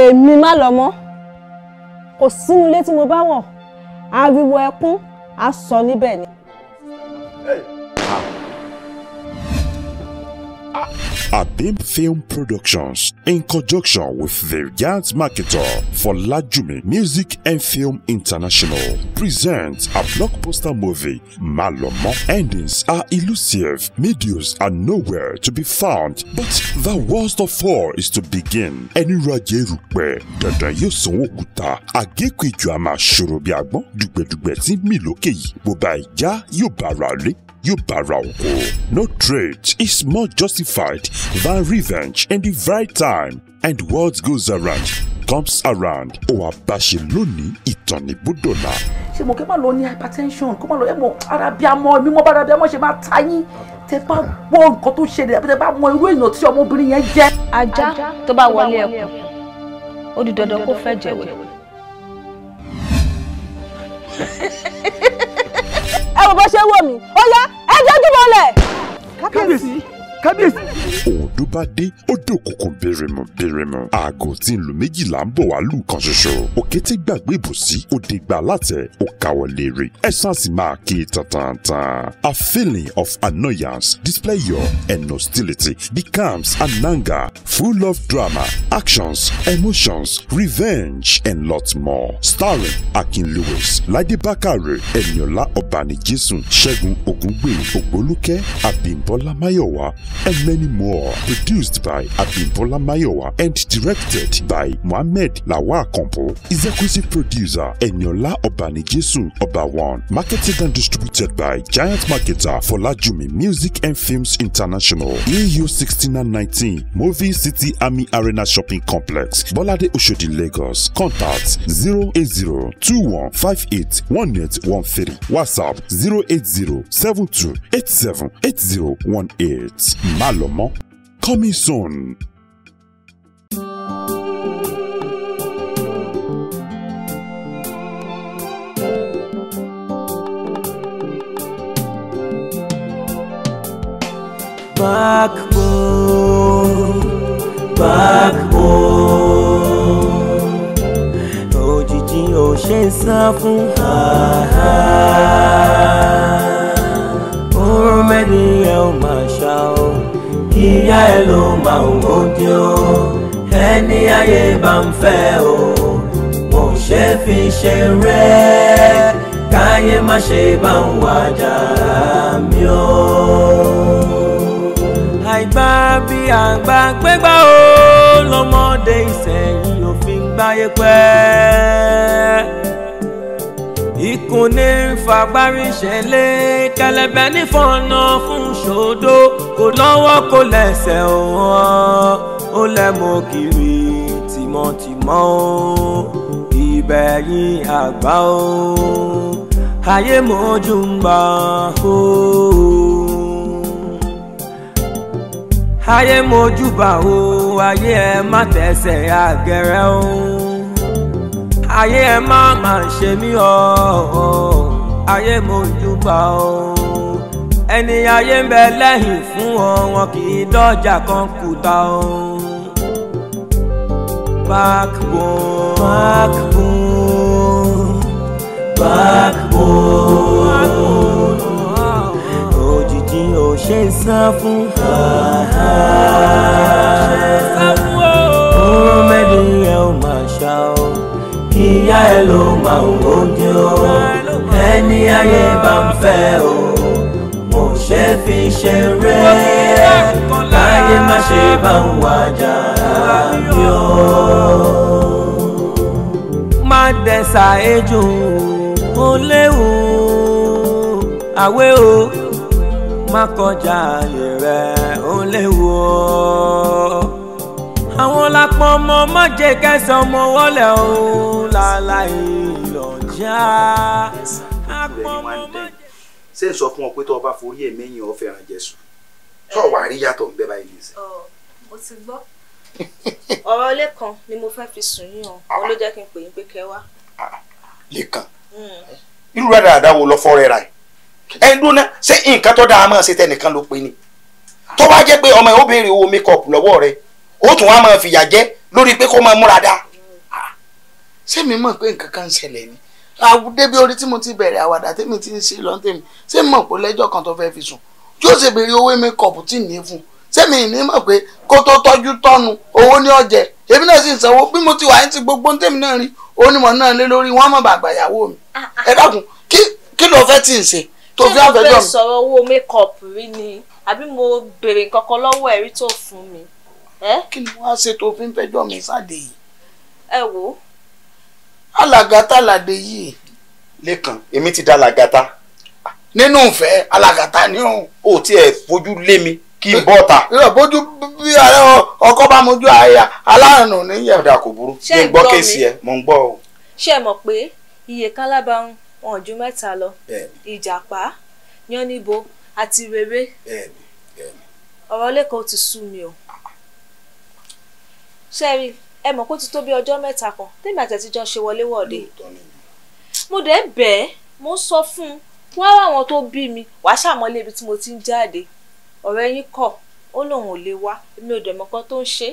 èmi má lọ mọ́ kò sínú ilé tí mo bá wọ̀ ariwo ẹkún á sọ níbẹ̀ ni. Hey. Ah. Ah. Abim Film Productions, in conjunction with the Giant Marketer for Lajumi Music and Film International, presents a blockbuster movie, Malomo. Endings are elusive, Medios are nowhere to be found, but the worst of all is to begin. Ẹnirajẹ rúpẹ́, dandan yóò sanwó kúta. Àgékù ìjọ a máa ṣòro bí agbọ́n, dùgbẹ̀dùgbẹ̀ tí You Yubarauko. No trade is more justified than revenge in the right time, and words goes around comes around. Ó wá báṣe lónìí ìtàn ní Búdòlà. Ṣé mo kí máa lọ ní hypertension kó máa lọ ẹ̀mọ́ arabiamọ mímọ́ bá arabiamọ ṣe máa ta yín tẹ bá gbọ́ nǹkan tó ṣẹlẹ̀ àbí tẹ bá mọ irú èèyàn tí ọmọbìnrin yẹn jẹ́. Ajá tó bá wọlé ẹkùn ó di dandan kó fẹ́ jẹ̀wẹ̀. wò bó ṣe wò mí ó yá ẹjọ́ jùmọ̀ lẹ̀. kábíyèsí kábíyèsí. òòdó bá dé ó dé òkùnkùn bèrèmù aago tí ń lu méjìlá ń bọ̀ wá lù kan ṣoṣo òkété gbàgbé ìbòsí ó dé gbà látẹ̀ ó káwọ́ léèrè ẹ̀sán sì máa kí tantan. a feeling of annoyance display your and hostility becomes an anger full of drama actions emotions revenge and lots more starring akin lewis laide bakare eniola obanijesun ṣẹ́gun ògúngbè ògbólúkẹ́ abímbọ́lá máyọ̀wá and many more. Produced by Abimbola Mayowa and directed by Mohammed Lawa Kompo. Executive producer Eniola Obanijesu Obawan. Marketed and distributed by Giant Marketer for Lajumi Music and Films International. EU 6919 Movie City Army Arena Shopping Complex, Bolade Oshodi, Lagos. Contact 08021581813. WhatsApp 080 08072878018. Má lọ mọ́. Coming soon. Backbone, backbone. Òjijì ò ṣe ń sá fún ha. Orun mẹ́rin ẹ̀ ò ìyá ẹ ló máa o ẹni ayé bá ń o mo ṣe fi re, káyé má ṣe bá ń wájà mi o. àìgbà bí àgbà gbégbá o lọ́mọdé ìsẹ̀yìn òfin gbáyé pẹ́ ìkùnní fagbáríṣẹ́lẹ̀ kẹlẹ̀bẹ̀ nífọ̀nà fún ṣòdo kò lọ́wọ́ kò lẹ́sẹ̀ òun ó lẹ́mọ kiri tìmọ̀tìmọ̀ o ìbẹ̀yìn àgbà o ayé mojú ń bá o. ayé mojú bá o ayé ẹ má tẹ̀sẹ̀ àgẹ̀rẹ̀ o ayé ẹ má má ṣe mí o ayé mo júbà o ẹni ayé ń bẹ lẹ́yìn fún ọ wọn kì í dọ́jà kan kùtà o. backbone backbone backbone òjijì ò ṣe é sá fún ọ̀hún mẹ́rin ẹ̀ ò ìyá ẹ ló máa ń oúnjẹ o ẹni ayé bá ń fẹ́ o mo ṣe fi ṣeré láyé má ṣe bá ń wájà bí o. má dẹ̀sà ejò ó léwu àwẹ̀ o má kọjá ààyè rẹ̀ ó léwu o àwọn lápọ̀ ọmọ má jẹ́ kẹsàn-án ọmọ wọlé o ìlọjà àpọ̀mọ́mọ́. ṣé n sọ fún ọ pé tó o bá forí ẹ̀mí yìí ọ fẹ́ràn Jésù tó o wà rí yàtọ̀ ń bẹ báyìí nìyẹn. mo ti gbọ́ ọ̀rọ̀ lẹ́kan ni mo fẹ́ fi sùn yín o òun ló jẹ́ kí n pè yín pé kẹ́ wá. lẹ́kan hmm. irú rẹ̀ dáadáa wo lọ fọ́ rẹ̀ rà ẹ̀ ń dúná ṣé nǹkan tó dáa máa ṣe tẹnìkan ló pe ni tó bá jẹ́ pé ọmọ ẹ̀ ó béèrè owó make up lọ́wọ́ rẹ̀ ó tún wá máa fìyà jẹ lórí pé kó máa múra dáa ṣé mi mọ̀ pé nǹkan kan ń ṣẹlẹ̀ ni àwùdébí orí tí mo ti bẹ̀rẹ̀ àwàdà tèmi ti ń ṣe lọ́n tèmi ṣé mi mọ̀ pé lẹ́jọ́ kan tó fẹ́ fi sùn yóò ṣe béèrè owó mẹ́kọ̀ọ̀pù tí ní fún ṣé mi ní mọ̀ pé kó tó tọ́jú tọ́nu owó ní ọ̀jẹ̀ èmi náà sì ń sanwó bí mo ti wà ní ti gbogbo tèmi náà rí onímọ̀ náà lé lórí wọn mọ̀ bàgbà ìyàwó mi ah, ah. ẹ dákun kí ló fẹ́ tí ń ṣe tó fi àfẹ́jọ́ mi. kí ló fẹ́ sọ̀rọ̀ owó mẹ́kọ̀ọ̀pù rí ni àbí mo béèrè nǹkan kan mi. kí ni wọ́n alàgàtà làdé yìí. lẹ́kàn èmi ti da alàgàtà. nínú ìfẹ́ alàgàtà ni ó. o tiẹ̀ fojú lé mi kí n bọ́ ta. yóò bójú bí ọkọ bá mojú àyà alárùn níyà. ọ̀dà kò burú ṣé ń gbọ́ kéèsì ẹ mò ń gbọ́ o. ṣé ẹ mọ̀ pé iye kan lábàáhùn wọn ju mẹ́ta lọ ìjàpá yánníbo àti rere ọ̀rọ̀ lẹ́kọ̀ọ́ ti sú mi o. ṣẹ́rí ẹ mọ̀ kó ti tó bí ọjọ́ mẹ́ta kan tèmi àtẹ̀tíjọ́ ṣe wọlé wọ̀de mo dẹ̀ bẹ́ẹ̀ mo sọ fún un wọ́n ráwọn tó bí mi wàá ṣàmọ́lé ibi tí mo ti ń jáde ọ̀rẹ́ yín kọ̀ ó lóun ò lè wá èmi ò dẹ̀ mọ̀kan tó ń ṣe.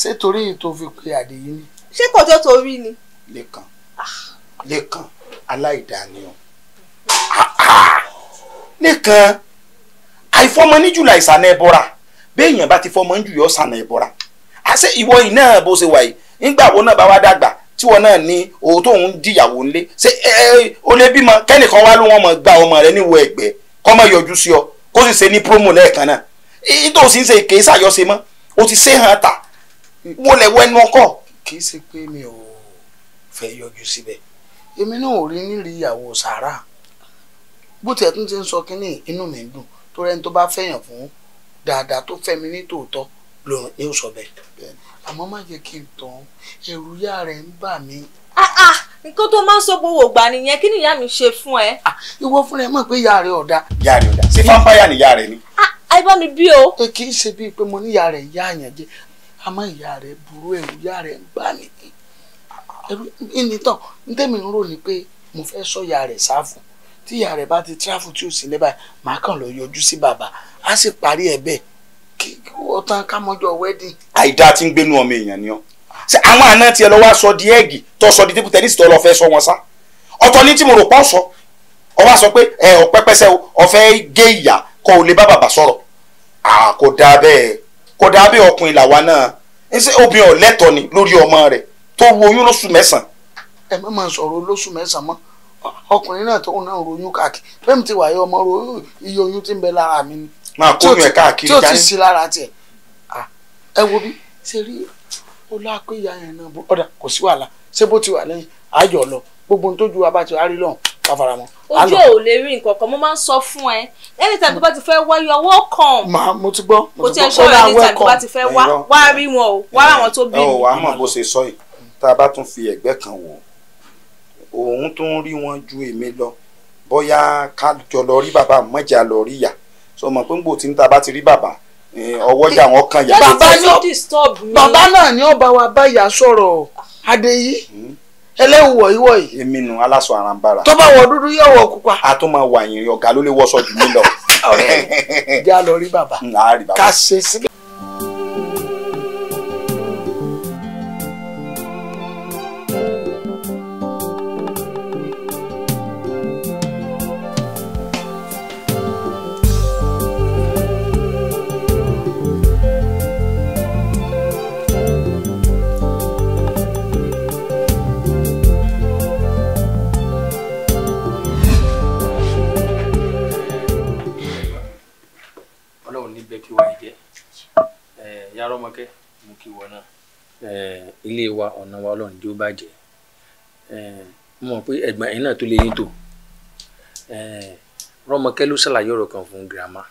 ṣé torí tó fi pe àdéyí ni. ṣé kò tó torí ni. lẹ́kàn lẹ́kàn aláìdáníyàn nìkan àìfọmọ ní jùlọ àìsàn ẹbọra béèyàn bá ti fọmọ ní jùlọ ọsàn ẹbọra àṣẹ ìwọ yìí náà bó ṣe wà yìí nígbà wo náà bá wá dàgbà tí wọn náà ní òun tóun díyàwó ńlé ṣe ẹ ẹ o lè bímọ kẹ́nìkan wá ló wọn mọ̀ gba ọmọ rẹ níwọ̀ ẹ̀gbẹ́ kọ́mọ yọjú sí ọ kó sì ṣe ní promo lẹ́ẹ̀kan náà nítorí sì ń ṣe kì í ṣàyọṣe mọ́ o ti ṣe hàn ta wọlé wẹnu ọkọ. kì í ṣe pé mi ò fẹ́ yọjú síbẹ̀ èmi náà ò rí nírí ìyàwó sàrà bó tiẹ̀ tún ti ń sọ kínní inú mi dùn tó rẹ́ni tó bá fẹ́yàn fún dáadáa tó fẹ́mi ní tòótọ́ lòun yóò sọ bẹ́ẹ̀. àmọ́ má jẹ́ kí n tàn ẹ̀rù ìyá rẹ̀ ń bà mí. Ah, ah! nǹkan tó máa ń sọ gbowó gbà nìyẹn kí nìyá mi ṣe fún ẹ. Ah, ìwọ fúnra ẹ mọ̀ pé ìyá rẹ̀ ọ̀dà. ìyá rẹ̀ ọ̀dà sí fáfáyà ni ìyá rẹ̀ ni. ẹ bá mi bí o. kì í ṣe bíi pé mo ní ìyá rẹ̀ ìyá àyàn jẹ àmọ́ ìyá rẹ̀ burú ẹ̀rù ìyá rẹ̀ ń bà mí. ẹ̀rù ìnìtàn ń tẹ́mi ń rò ní pé mo fẹ́ sọ ìyá rẹ̀ sáfù tí ìyá rẹ̀ bá ti tráfù tí ò sí lẹ́bàá màá kàn lọ yọjú sí bàbá á sì parí ẹ̀ bẹ́ẹ̀ ọtán kámọ́jọ wedding. àìdá tí ń gbénu ọmọ èèyàn ni ọ ṣe àwọn àna tiẹ̀ lọ wá sọ di ẹẹgì tó sọ di tébù tẹnísì tó lọ fẹ́ sọ wọn sá ọ̀tọ̀ ní tí mo rò pọ sọ ọ wá sọ pé ẹ ọpẹpẹsẹ ọfẹ gé ìyà kó o lè bá bàbá sọ̀rọ̀ kò dáa bẹ́ẹ̀ kò dáa bẹ́ẹ̀ ọkùnrin làwa náà ṣé obìnrin ọ̀lẹ́tọ̀ ni lórí ọmọ rẹ̀ tó ru oyún lóṣù mẹ́sàn-án. ẹ má máa sọ̀rọ̀ lóṣù mẹ́sàn-án mọ́ ọkùnrin náà tó náà royún káàkiri bẹ́ẹ̀ mi ti wáyé ọmọ royún iye oyún ti ń bẹ lára mi ni máa kó yàn káàkiri dání. tí o ti sí lára tiẹ̀ ẹ wo bí ṣe rí olápéyà yẹn náà bó ọ̀dà kò sí wàhálà ṣé bó ti wà lẹ́yìn àjọ lọ gbogbo ohun tójú wa bá ti wá rí lọ́hùn ká mọ́. ojú ò lè rí nǹkan kan mo máa ń sọ fún ẹ anytime tó bá ti fẹ́ wá you are welcome. màá mo ti gbọ́ mo ti gbọ́ kó welcome kò tí ẹ sọ anytime tó bá ti fẹ́ wá wá rí wọn o wá àwọn tó bí. ẹ ò wá mọ̀ bó ṣe sọ yìí tá a bá tún fi ẹ̀gbẹ́ kan wò òun tó ń rí wọn ju èmi lọ bóyá ká jọ lọ rí bàbá mọ́jà lọ rí ìyá so mọ̀ pé ń gbò tí ń ta bá ti rí bàbá ọwọ́jà wọn kan yà. bàbá náà ni ọba wa báyà sọ̀rọ̀ adéyí hmm. ẹlẹ́wùwọ̀ ìwọ̀ yìí. èmi nù aláṣọ àràǹbarà. tó bá wọ dúdú yóò wọ pupa. a tún máa wà yìnrìn ọ̀gá ló lè wọ́sọ̀ jù mí lọ. ọ̀rẹ́ ìjà lọ rí bàbá ká ṣe síbẹ̀. ọ̀nà wa ọlọ́run jẹ́ ó bàjẹ́ mo mọ̀ pé ẹ̀gbọ́n ẹ̀yin náà tó lè yín tò rọmọkẹ́ ló ṣàlàyé ọ̀rọ̀ kan fún girama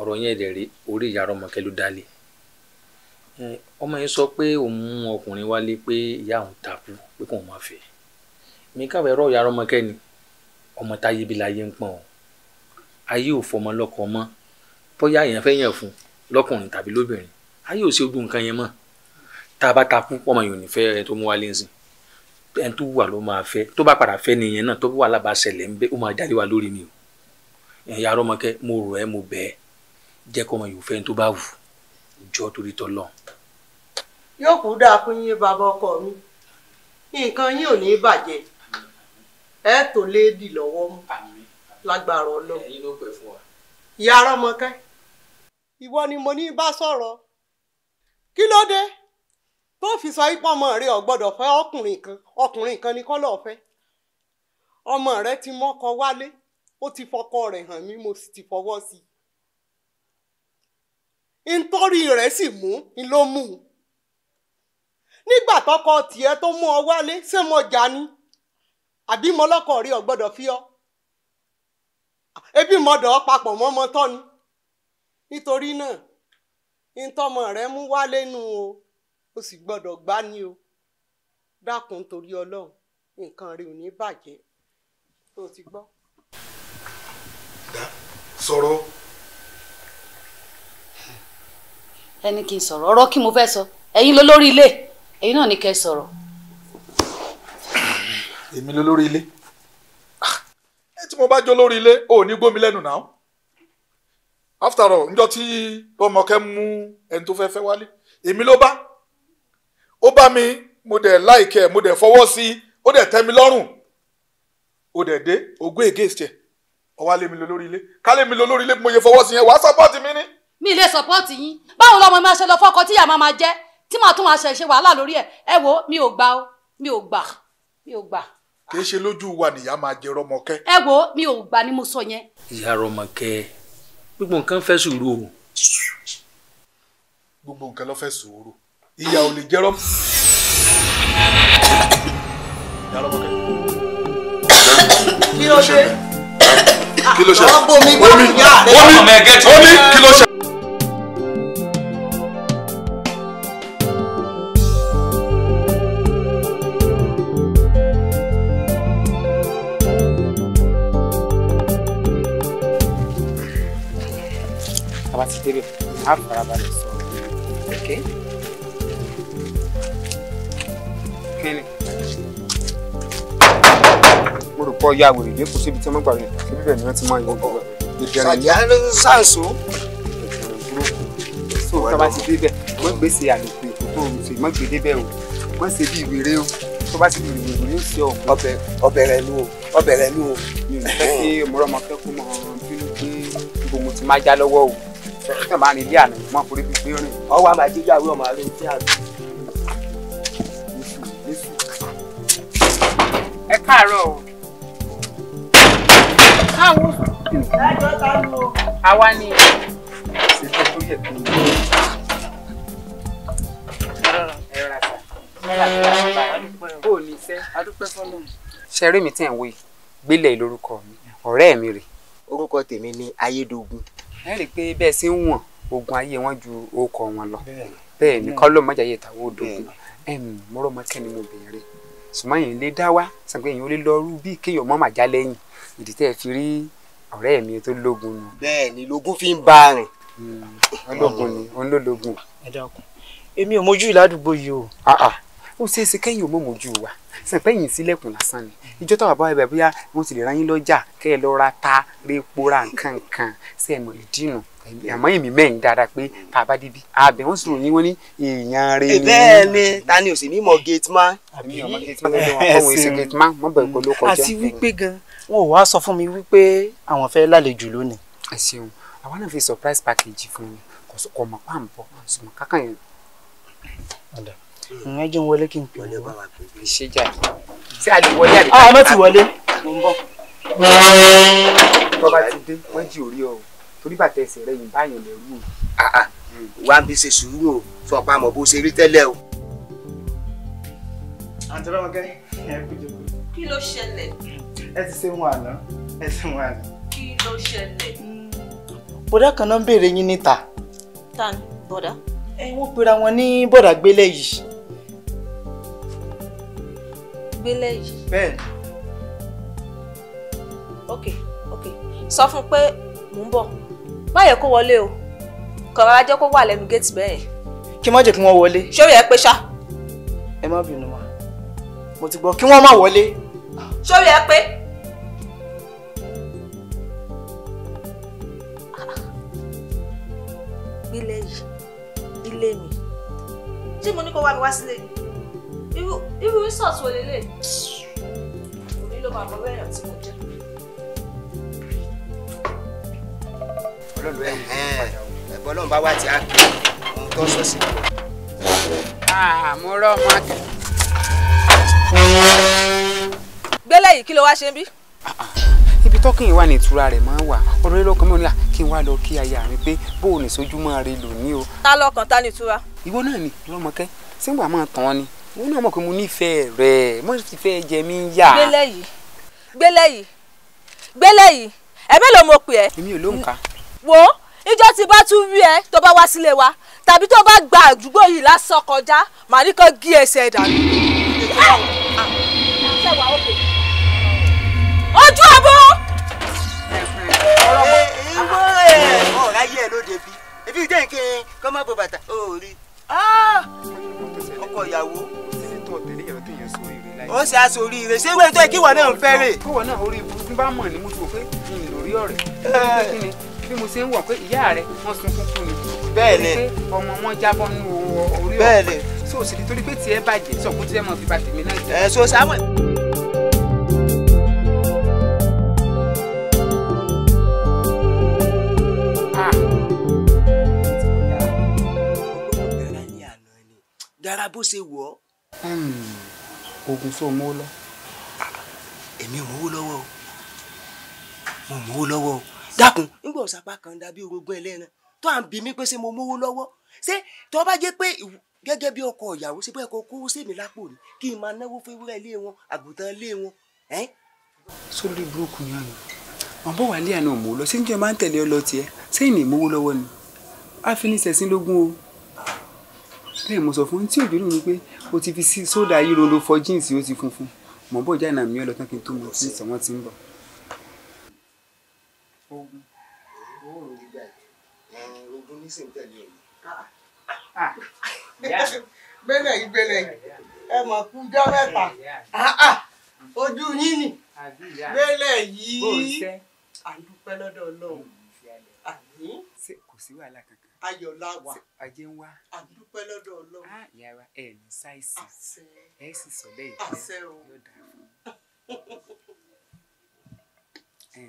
ọ̀rọ̀ yẹn dẹ̀ rí orí ìyá rọmọkẹ́ ló dálé ọmọ yẹn sọ pé òun mú ọkùnrin wálé pé ìyá òun takú pé kóun máa fẹ́ mi káwé ẹ̀rọ ìyá rọmọkẹ́ ni ọmọ táyé bí láyé ń pọ̀n o ayé ò fọmọ lọ́kọ mọ́ bóyá èèyàn fẹ́ yàn fún lọ́kùnrin tàbí lóbìnrin ayé ò ṣe ojú nǹkan yẹn mọ́ tá a bá takú ọmọ yìí ò ní fẹ́ ẹ tó mú wálé nsìn ẹni tó wà ló máa fẹ́ tó bá padà fẹ́ nìyẹn náà tó wà lábàṣẹlẹ̀ ń bẹ́ ó máa jáde wá lórí mi o ẹ̀yin arọ́mọkẹ́ mo rọ̀ ẹ́ mo bẹ̀ ẹ́ jẹ́ kọ́ ọmọ yìí ò tó bá wù jọ torí tọ́ yóò kú dáa fún yín bàbá ọkọ mi nǹkan yín ò ní bàjẹ́ ẹ tó léèdì lọ́wọ́ mú lágbára ọlọ́run ìyá arọ́mọkẹ́ ìwọ ni mo ní bá sọ̀rọ̀ kí ló dé. tó fi sọ ipò ọmọ rẹ ò gbọ́dọ̀ ọkùnrin kan ọkùnrin kan ni kọlọ fẹ́ ọmọ rẹ ti mọkọ wálé ó ti fọkọ rẹ hàn mí mo sì ti fọwọ́ sí i nítorí rẹ sì mú ni ló mú un nígbà tọkọ tiẹ̀ tó mú ọ wálé ṣé mo jà ni àbí mo lọkọ rí ọgbọdọ gbọ́dọ̀ fi ọ ebi mọdọ papọ̀ mọmọ tọ ni nítorí náà ntọmọ rẹ mú wálé nù o ó sì gbọ́dọ̀ gbá ní o dákun torí ọlọ́run nǹkan rẹ ò ní bàjẹ́ tó ti gbọ́. sọ̀rọ̀. ẹni kì í sọ̀rọ̀ ọ̀rọ̀ kí mo fẹ́ sọ ẹ̀yin ló lórí ilé ẹ̀yin náà ní kẹ́ ẹ sọ̀rọ̀. èmi ló lórí ilé ẹ tí mo bá jó lórí ilé ò ní gbómi lẹ́nu náà after all njọ́ tí ọmọkẹ́ mú ẹni tó fẹ́ fẹ́ wálé èmi ló bá ó bá mi mo dẹ̀ láìkẹ́ mo dẹ̀ fọwọ́ sí i ó dẹ̀ tẹ́ mi lọ́rùn ó dẹ̀ dé ogún against ẹ̀ ọwá lé mi lọ lórí ilé ká lé mi lọ lórí ilé mo yẹ fọwọ́ sí yẹn wàá sọ́pọ́ọ̀tì mi ní. mi ì lè sọ́pọ́ọ̀tì yín báwo lọmọ mi aṣẹ lọ fọkọ tíyà máa máa jẹ tí màá tún máa ṣe ṣe wàhálà lórí ẹ ẹ wo mi ò gbà o mi ò gbà mi ò gbà. kì í ṣe lójú wa nìyá máa jẹ rọmọkẹ. ẹ wo mi ò gbà ni mo sọ yẹn. ìyá rọmọkẹ gbogbo nǹkan fẹ́ sùúrù o. gbogbo nǹkan ló fẹ́ sùúrù ìyà ò lè jẹ́rọ́. kí ló ṣe kí ló ṣe omi omi omi kí ló ṣe. bá ti débẹ̀ á farabalẹ̀ sọ̀rọ̀ okay. kiri mo rò pọ̀ ya wèrè lẹ́kọ̀ọ́ síbi tí wọ́n gbà rẹ̀ síbi ni wọ́n ti máa yọ gbogbo ìbẹ̀rẹ̀ ní. sàjà sàǹsó. so tó bá ti débẹ̀ wọ́n gbèsè àlòkù èkó tó o ṣe mọ́gbé débẹ̀ o wọ́n ṣe bí ìwéré o tó bá ti di ìwéré yóò ṣe ọ̀gbìn. ọbẹ̀ ọbẹ̀ rẹ̀ lù o ọbẹ̀ rẹ̀ lù o. mi ò fẹ́ kí ọmọọmọ fẹ́ kó mọ bínú pé gbogbo mo ti máa já lọ́wọ́ o. ṣé kí máa rìn ilé àná mọ́ káàárọ̀ o. káwọn sùn. ẹjọ́ ta ló. àwa ni. ṣe tó tó yẹ kí n lè. ẹ̀rọ àṣà. bó o ní iṣẹ́ adúpẹ́ fọ́lọ́run. ṣe eré mi tẹ̀ ń wé gbélé lórúkọ mi ọ̀rẹ́ mi rè. orúkọ tèmi ni ayédogun. ẹ rí i pé bẹ́ẹ̀ sí ń wọ̀n ogun ayé wọn ju orúkọ wọn lọ bẹ́ẹ̀ ni kọ́ ló mọ̀jáyé tàwọn odò mo rọ́ mọ́kẹ́ni mo bèèrè sùmọ́ yìí lè dá wá sàgbé yìí ó lè lọ rú bí kéèyàn mọ́ màjá lẹ́yìn ìdí tẹ́ ẹ fi rí ọ̀rẹ́ mi tó lógun nù. bẹ́ẹ̀ ni lógun fi ń bá a rìn. ológun hmm, ni òun ló lógun. ẹ dákun èmi ò mójú ìládùúgbò yìí o. ó ṣeé ṣe kẹ́yìn ò mọ̀ mójú wa sẹ̀pẹ́yìn sílẹ̀kùn lásán ni ìjọ táwọn àbáwọ̀ ibẹ̀ bóyá wọ́n ti lè ráyìn lọ́jà kẹ́ ẹ lọ ta repo nǹkan nǹkan sí ẹ̀mọ̀ ìdínú àmọ́ èmi mẹ́rin dáadáa pé tá a bá débi àbẹ̀ wọ́n sọ̀rọ̀ yín wọ́n ní èèyàn rẹ̀ ni. bẹ́ẹ̀ ni ta ni ò sì ní mọ̀ gate man. àbí ọmọ gate man lọ́wọ́ àwọn èsì gate man mọ̀ bẹ̀rẹ̀ pẹ̀lú kọjá. àti wípé gan wọn ò wá sọ fún mi wípé àwọn fẹ́ lálejò lónìí. ẹ ṣeun àwa náà fi surprise package fún mi kò mọ̀ pa àǹbọ̀ sùnmọ̀ kákàn yẹn. ọ̀dà ìyẹn jẹ́ wọlé kí n pè wọlé wá. ṣé jà sí àlè wọlé àlè. àmọ́ ti wọlé. mo ń bọ̀. bọ́ba ti dé wọ́n jí òrí ọ̀ torí bàtà ẹsẹ̀ rẹ yìí báyìí lè rú o. Ah, ah, wá bí ṣe sùúrù o sọ pa àmọ́ bó ṣe rí tẹ́lẹ̀ o. àǹtí rọ́mọkẹ́ ẹ kú jẹ́ kú. kí ló ṣẹlẹ̀. ẹ ti ṣe wọn àná ẹ ṣe wọn àná. kí ló ṣẹlẹ̀. bọ̀dá kan náà ń béèrè yín níta. ta ni bọ̀dá. ẹ wọ́n pera wọn ní bọ̀dá gbélé yìí. gbélé yìí. bẹ́ẹ̀ni. ok ok sọ fún pé mò ń bọ̀ má yẹ kó wọlé o kàn rárá jẹ́ kó wà lẹ́nu géètì bẹ́ẹ̀ yẹn. kí má jẹ́ kí wọ́n wọlé. ṣé ó yẹ pé ṣá. ẹ má bínú wa mo ti gbọ́ kí wọ́n má wọlé. ṣé ó yẹ pé. ilé yìí ilé mi ṣé mo ní kó wá mi wá sílé irú irú sọ̀tún olè lè òní ló máa bọ̀ wẹ́yàn tí mo jẹ́. ẹ̀bọ̀ lọ́n bá wá ti á kí ohun tó sọ sí. àmúrọ̀ ah, máa kẹ́. gbélé yìí kí ló wá ṣe ń bí. ibi tọ́kìn wà ní ìtura rẹ̀ máa ń wà ọ̀rọ̀ ilé ọkàn mọ́ni là kí n wá lọ kí aya mi pé bó o ní sojúmọ́ rẹ lò ní o. ta lọkàn ta ni ìtura. ìwọ náà ni lọmọkẹ sígbà máa tàn án ni wọn náà mọ̀ pé mo nífẹ̀ẹ́ rẹ̀ mo sì fẹ́ jẹ mí ń gbélé yìí gbélé yìí gbélé yìí ẹ mélòó mo pè ẹ. èmi ò lóǹkà wo ìjọ tí bá tún rí ẹ tó bá wá sílé wa tàbí tó bá gba àdúgbò yìí lásán kọjá màá ní kàn gé ẹsẹ̀ dànù. ojú ọbọ. ọ̀rá yẹ lóde bí ebi ìdẹ́ nké kọ́ má bo bàtà ó rí ọkọ ìyàwó. ó ṣe aṣọ oríire ṣé wẹ́n tó ẹ kí wọ́n náà ń fẹ́ rè. kí wọ́n náà orí ibùdó bá mọ̀ ní mo ti wò pé mi lórí ọ̀rẹ́. Eh bí mo ṣe ń wọ̀ pé ìyá rẹ̀ wọ́n sunkún fún mi. bẹ́ẹ̀ni pé ọmọ wọn jábọ́ nínú orí ọkọ bẹ́ẹ̀ni so sì ni torí pé tiẹ̀ bàjẹ́ sọ̀kún tiẹ̀ mọ̀ fi ba tèmi náà jẹ́. ẹ so samuel. Ah. dára bó ṣe wọ̀ ọ́. Hmm. oògùn sóò mú lọ. Ah, èmi ò mówó lọ́wọ́ o mo mówó lọ́wọ́ o dákun nígbà ọ̀sàpá kan dàbí orogún ẹlẹ́ran tó à ń bi mí pé ṣé mo mówó lọ́wọ́ ṣé tó bá jẹ́ pé gẹ́gẹ́ bí ọkọ ìyàwó ṣe bẹ́ẹ̀ kó kówó sèmi lápò ni kí n máa náwó fún ewúrẹ́ ilé wọn àgùntàn ilé wọn. sórí burúkú yan ni wọn bọ wà lé àná mò ń lọ síjọ máa ń tẹ̀lé ọ lọ tiẹ̀ sẹ́yìn ní ìmówó lọ́wọ́ ni àfinisẹ̀sìn lógún o bẹ́ẹ̀ mo sọ fún tí òbí mi pé o ti fi sódà yìí rondo fọ jíǹsì ó ti funfun mọ̀ bọ́ jáde náà mi ò lọ tán kí n tó mọ̀ sí ìsọ̀wọ́n ti ń bọ̀ ogun owó òrùn gíga yìí ogun nísìnyí tẹ̀lé òní. gbẹ́lẹ̀ ah. yìí gbẹ́lẹ̀ yìí ẹ mọ̀ kú jọ́ mẹ́ta ah, ah. ojú yín nì gbẹ́lẹ̀ yìí àdúpẹ́ lọ́dọ̀ ọlọ́run àmì. kò sí wàhálà kankan. ayọ̀ la wà. ọjẹ́ ń wá. àdúpẹ́ lọ́dọ̀ ọlọ́run. a yàrá ẹ ní ṣáìsì. àṣẹ. ẹ sì sọ lẹ́yìn pé yóò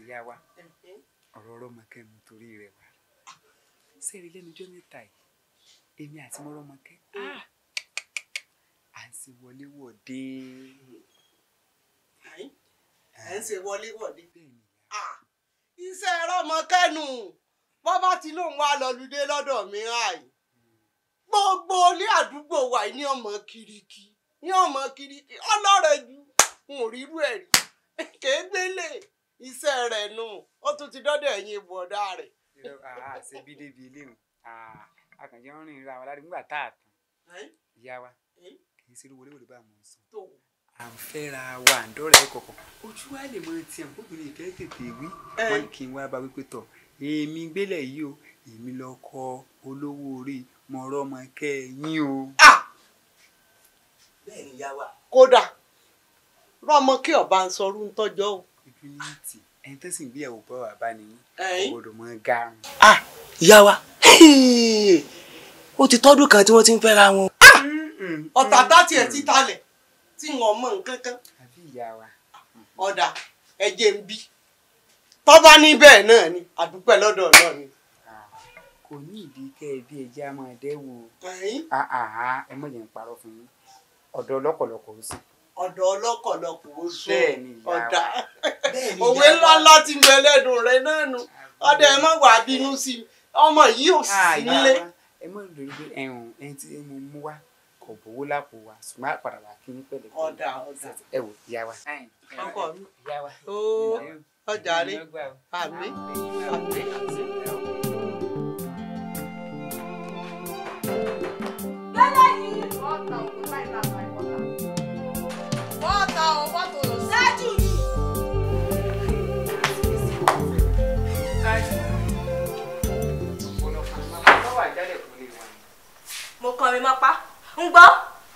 dáa fún un. ẹ wa ọ̀rọ̀ ọ̀rọ̀mọkẹ́ mi torí rẹ̀ wá sẹ́ẹ̀rí lẹ́nujọ́ mẹ́ta yìí èmi àti mọ́rọ́mọkẹ́ ah! à ń ṣe wọléwọ̀de. ẹ̀ ń ṣe wọléwọ̀de. Ah! iṣẹ́ rọ́mọkẹ́nu wọ́n bá ti lóun wá lọ́lùdé lọ́dọ̀ mi ráàyè gbogbo ilé àdúgbò wa ní ọmọ kiriki ní ọmọ kiriki ọlọ́rẹ̀ ju n ò rírú ẹ̀ rí kéégbélé iṣẹ́ rẹ̀ nù. No. Ọtụtụ tún ti dọ́dọ̀ ẹ̀yin rẹ̀. ṣe bí débi ilé mi akànjẹ́ ń rìn ra nígbà tá a tán ìyá wa kì í wọléwọlé bá mọ̀ à ń fẹ́ra wa à ń dọ́rẹ̀ kọ̀kọ̀ ojú wa lè mọ ti ìfẹ́ tètè wí wọn kì í wá bá wípé tọ̀ èmi gbélé yìí o èmi lọkọ olówó orí wa kódà rọ́mọ kí ọba ń sọ ẹni tó sì ń bí ẹ̀wò bọ́ bàbá ni òbòdò mọ́ gárùn. ah ìyá wa ó ti tọ́dún kan tí wọ́n ti ń fẹ́ra wọn. Ah! ọ̀tà dátì ẹ̀ ti talẹ̀ tí wọ́n mọ nǹkan kan. àbí ìyá wa. ọ̀dà ẹ̀jẹ̀ ń bí tọ́ba ní bẹ́ẹ̀ náà ni àdúpẹ́ lọ́dọ̀ náà ni. Ah, kò ní ìdí kẹ́ ẹ bí ẹjẹ́ á máa dẹ́wò ah, ẹ mọ̀ yẹn ń parọ́ fún yín ọ̀dọ̀ lọ́kọ̀lọ́kọ̀ ó sì. ọ̀dọ̀ ọlọ́kọ̀lọ́kọ̀ oṣù ọ̀dà òwe ńláńlá ti rẹ náà nu ọdẹ ẹ wà bínú sí ọmọ yìí ò sí ah, nílé. ẹ mọ̀ lórí pé ẹ̀hún ẹni tí mo mú wá kò bówó lápò ṣùgbọ́n wà kí n pẹ̀lẹ́ ọ̀dà ọ̀dà ẹ mo kàn mí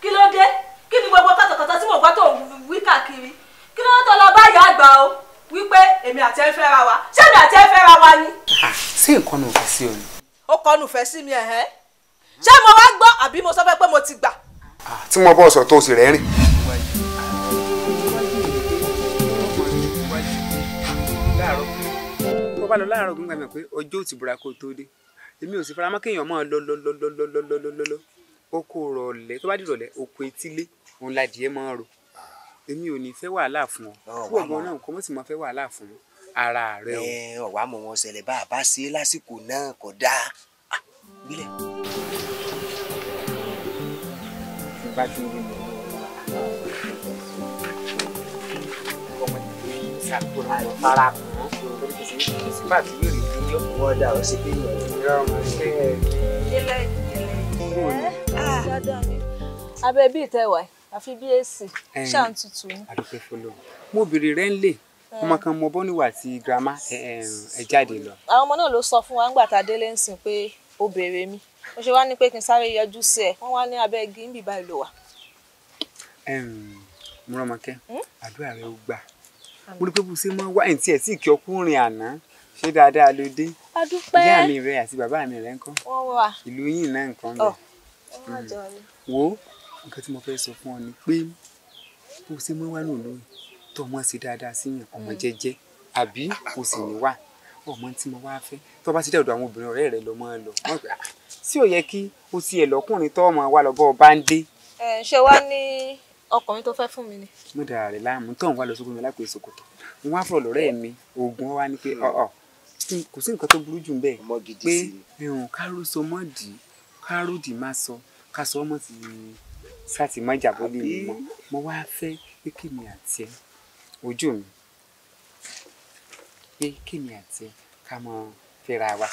kí ló dé kí ni gbogbo kọ̀tọ̀kọ̀tọ̀ tí mo gbọ́ tó wí káàkiri kí ló tó lọ àgbà o wípé èmi àti ẹ fẹ́ra wa ṣé èmi àti ẹ fẹ́ra wa ni. Ah, nǹkan nù fẹ́ sí o ni. ó kọ́ nù fẹ́ sí mi ṣé mo wá gbọ́ àbí mo sọ fẹ́ pé mo ti gbà. Ah, tí mo bọ́ tó sì rìn. bá lọ láàárọ̀ gbọ́ngàn pé ọjọ́ ò ti kó tó dé. èmi ò sì fara mọ́ kéèyàn máa lọ lọ lọ lọ lọ lọ lọ lọ lọ oko rọ̀lẹ́ tó bá di rọ̀lẹ́ oko etílé òun ladìẹ máa rò èmi ò ní fẹ́ wàhálà fún ọ kú ọgbọ́n náà kò mọ̀ sí máa fẹ́ wàhálà fún ara rẹ o. ẹ ọ̀wá mọ̀ wọn ṣẹlẹ̀ bá a bá ṣe lásìkò náà kò dáa bílẹ̀. bá fara kù ó sì bá ti rí rí wọ́n dà ó sí pé ìyẹn ìrọ̀ ọmọ ẹgbẹ́ ẹ̀. délẹ̀ délẹ̀ ẹ̀ dáadáa ni abẹ́ bíi tẹ́wàá àfi ń tutù ni. àdúgbò fọlọ mo bèrè rẹ ń lè ọmọ kan mo bọ́ níwà tí girama ẹ jáde lọ. àwọn ọmọ náà ló sọ fún wa ńgbà tá a délé ń sìn pé ó béèrè mi mo ṣe wá ní pé kí n sáré yọjú sí ẹ wọn wá ní abẹ́ igi ń bìbá ìlò wa. mo rán ọmọ kẹ́ hmm? àdúrà rẹ ó gbà mo rí pé bó ṣe máa wá ẹ̀ ń tiẹ̀ sí ìkí ọkùnrin àná ṣé dáadáa ló dé ìyá mi rẹ àti bàbá mi rẹ ńkọ́ ìlú yìí náà nǹkan lọ hmm. wo nǹkan tí mo fẹ́ sọ fún ọ ni pé bó ṣe mọ́ wá lòlú tó ọmọ ṣe dáadáa síyàn ọmọ hmm. jẹ́jẹ́ àbí kò sì ní wà ọmọ tí mo wá fẹ́ tó bá ti dẹ̀ ọ̀dọ̀ àwọn obìnrin ọ̀rẹ́ rẹ lọ mọ́ ẹ lọ sí ò ah, yẹ kí o ti ẹ̀ lọ́kùnrin tó ọmọ wa lọ́gọ́ ọba ń dé. ṣé wàá ní ọkùnrin tó fẹ́ fún mi ni. mo dàrẹ̀ láàmú tó ń wá lọ sókòtò mi lápò ìsòkòtò mo wá fọ̀rọ̀ lọ́rẹ́ mi oògùn wa ni pé ọ̀ọ́ sí kò sí nǹkan tó burú jù bẹ́ẹ̀ pé ẹ̀hún káró so mọ́ dì í káró dì má sọ ká sọ ọmọ sí i sáti má jà bọ́lé mi mọ́ mo wá fẹ́ pé kémi àti ẹ ojú mi pé kémi àti ẹ ká mọ fẹ́ra wa.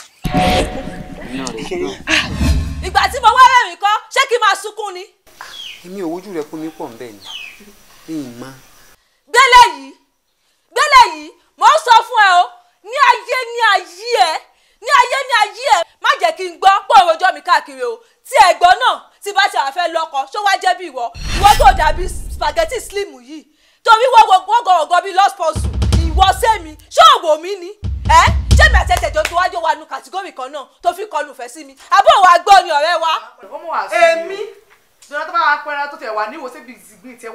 ìgbà tí mo wá rẹ̀rìn kọ́ ṣé kí n máa sunkún ni. èmi ò wojú rẹ kún mi pọ̀ nbẹ̀ ni mi gbélé yìí gbélé yìí mò ń sọ fún ẹ o ní ayé ní ayé ẹ ní ayé ní ayé ẹ má jẹ́ kí n gbọ́ pọ̀ òròjọ́ mi káàkiri o tí ẹ̀gbọ́n náà ti bá ti àfẹ́ lọ́kọ ṣó wá jẹ́ bí ìwọ ìwọ tó dàbí spaghetti slim yìí torí wọ́gọ̀ọ̀gọ̀ bíi lost puzzle ìwọ sẹ́mi ṣọ́ọ̀bù mi ni ẹ́ ṣé mi àti ẹsẹ̀ jọ tó wájú wa nu kàtígórì kan náà tó fi kọlu ìfẹ́ sí mi àbọ̀ wa gbọ́ ni ọ̀rẹ́ wa. èmi jọ̀dọ̀ tó bá wa pẹ́ran tó tẹ̀ wá níwòsí bíi ìgbín tẹ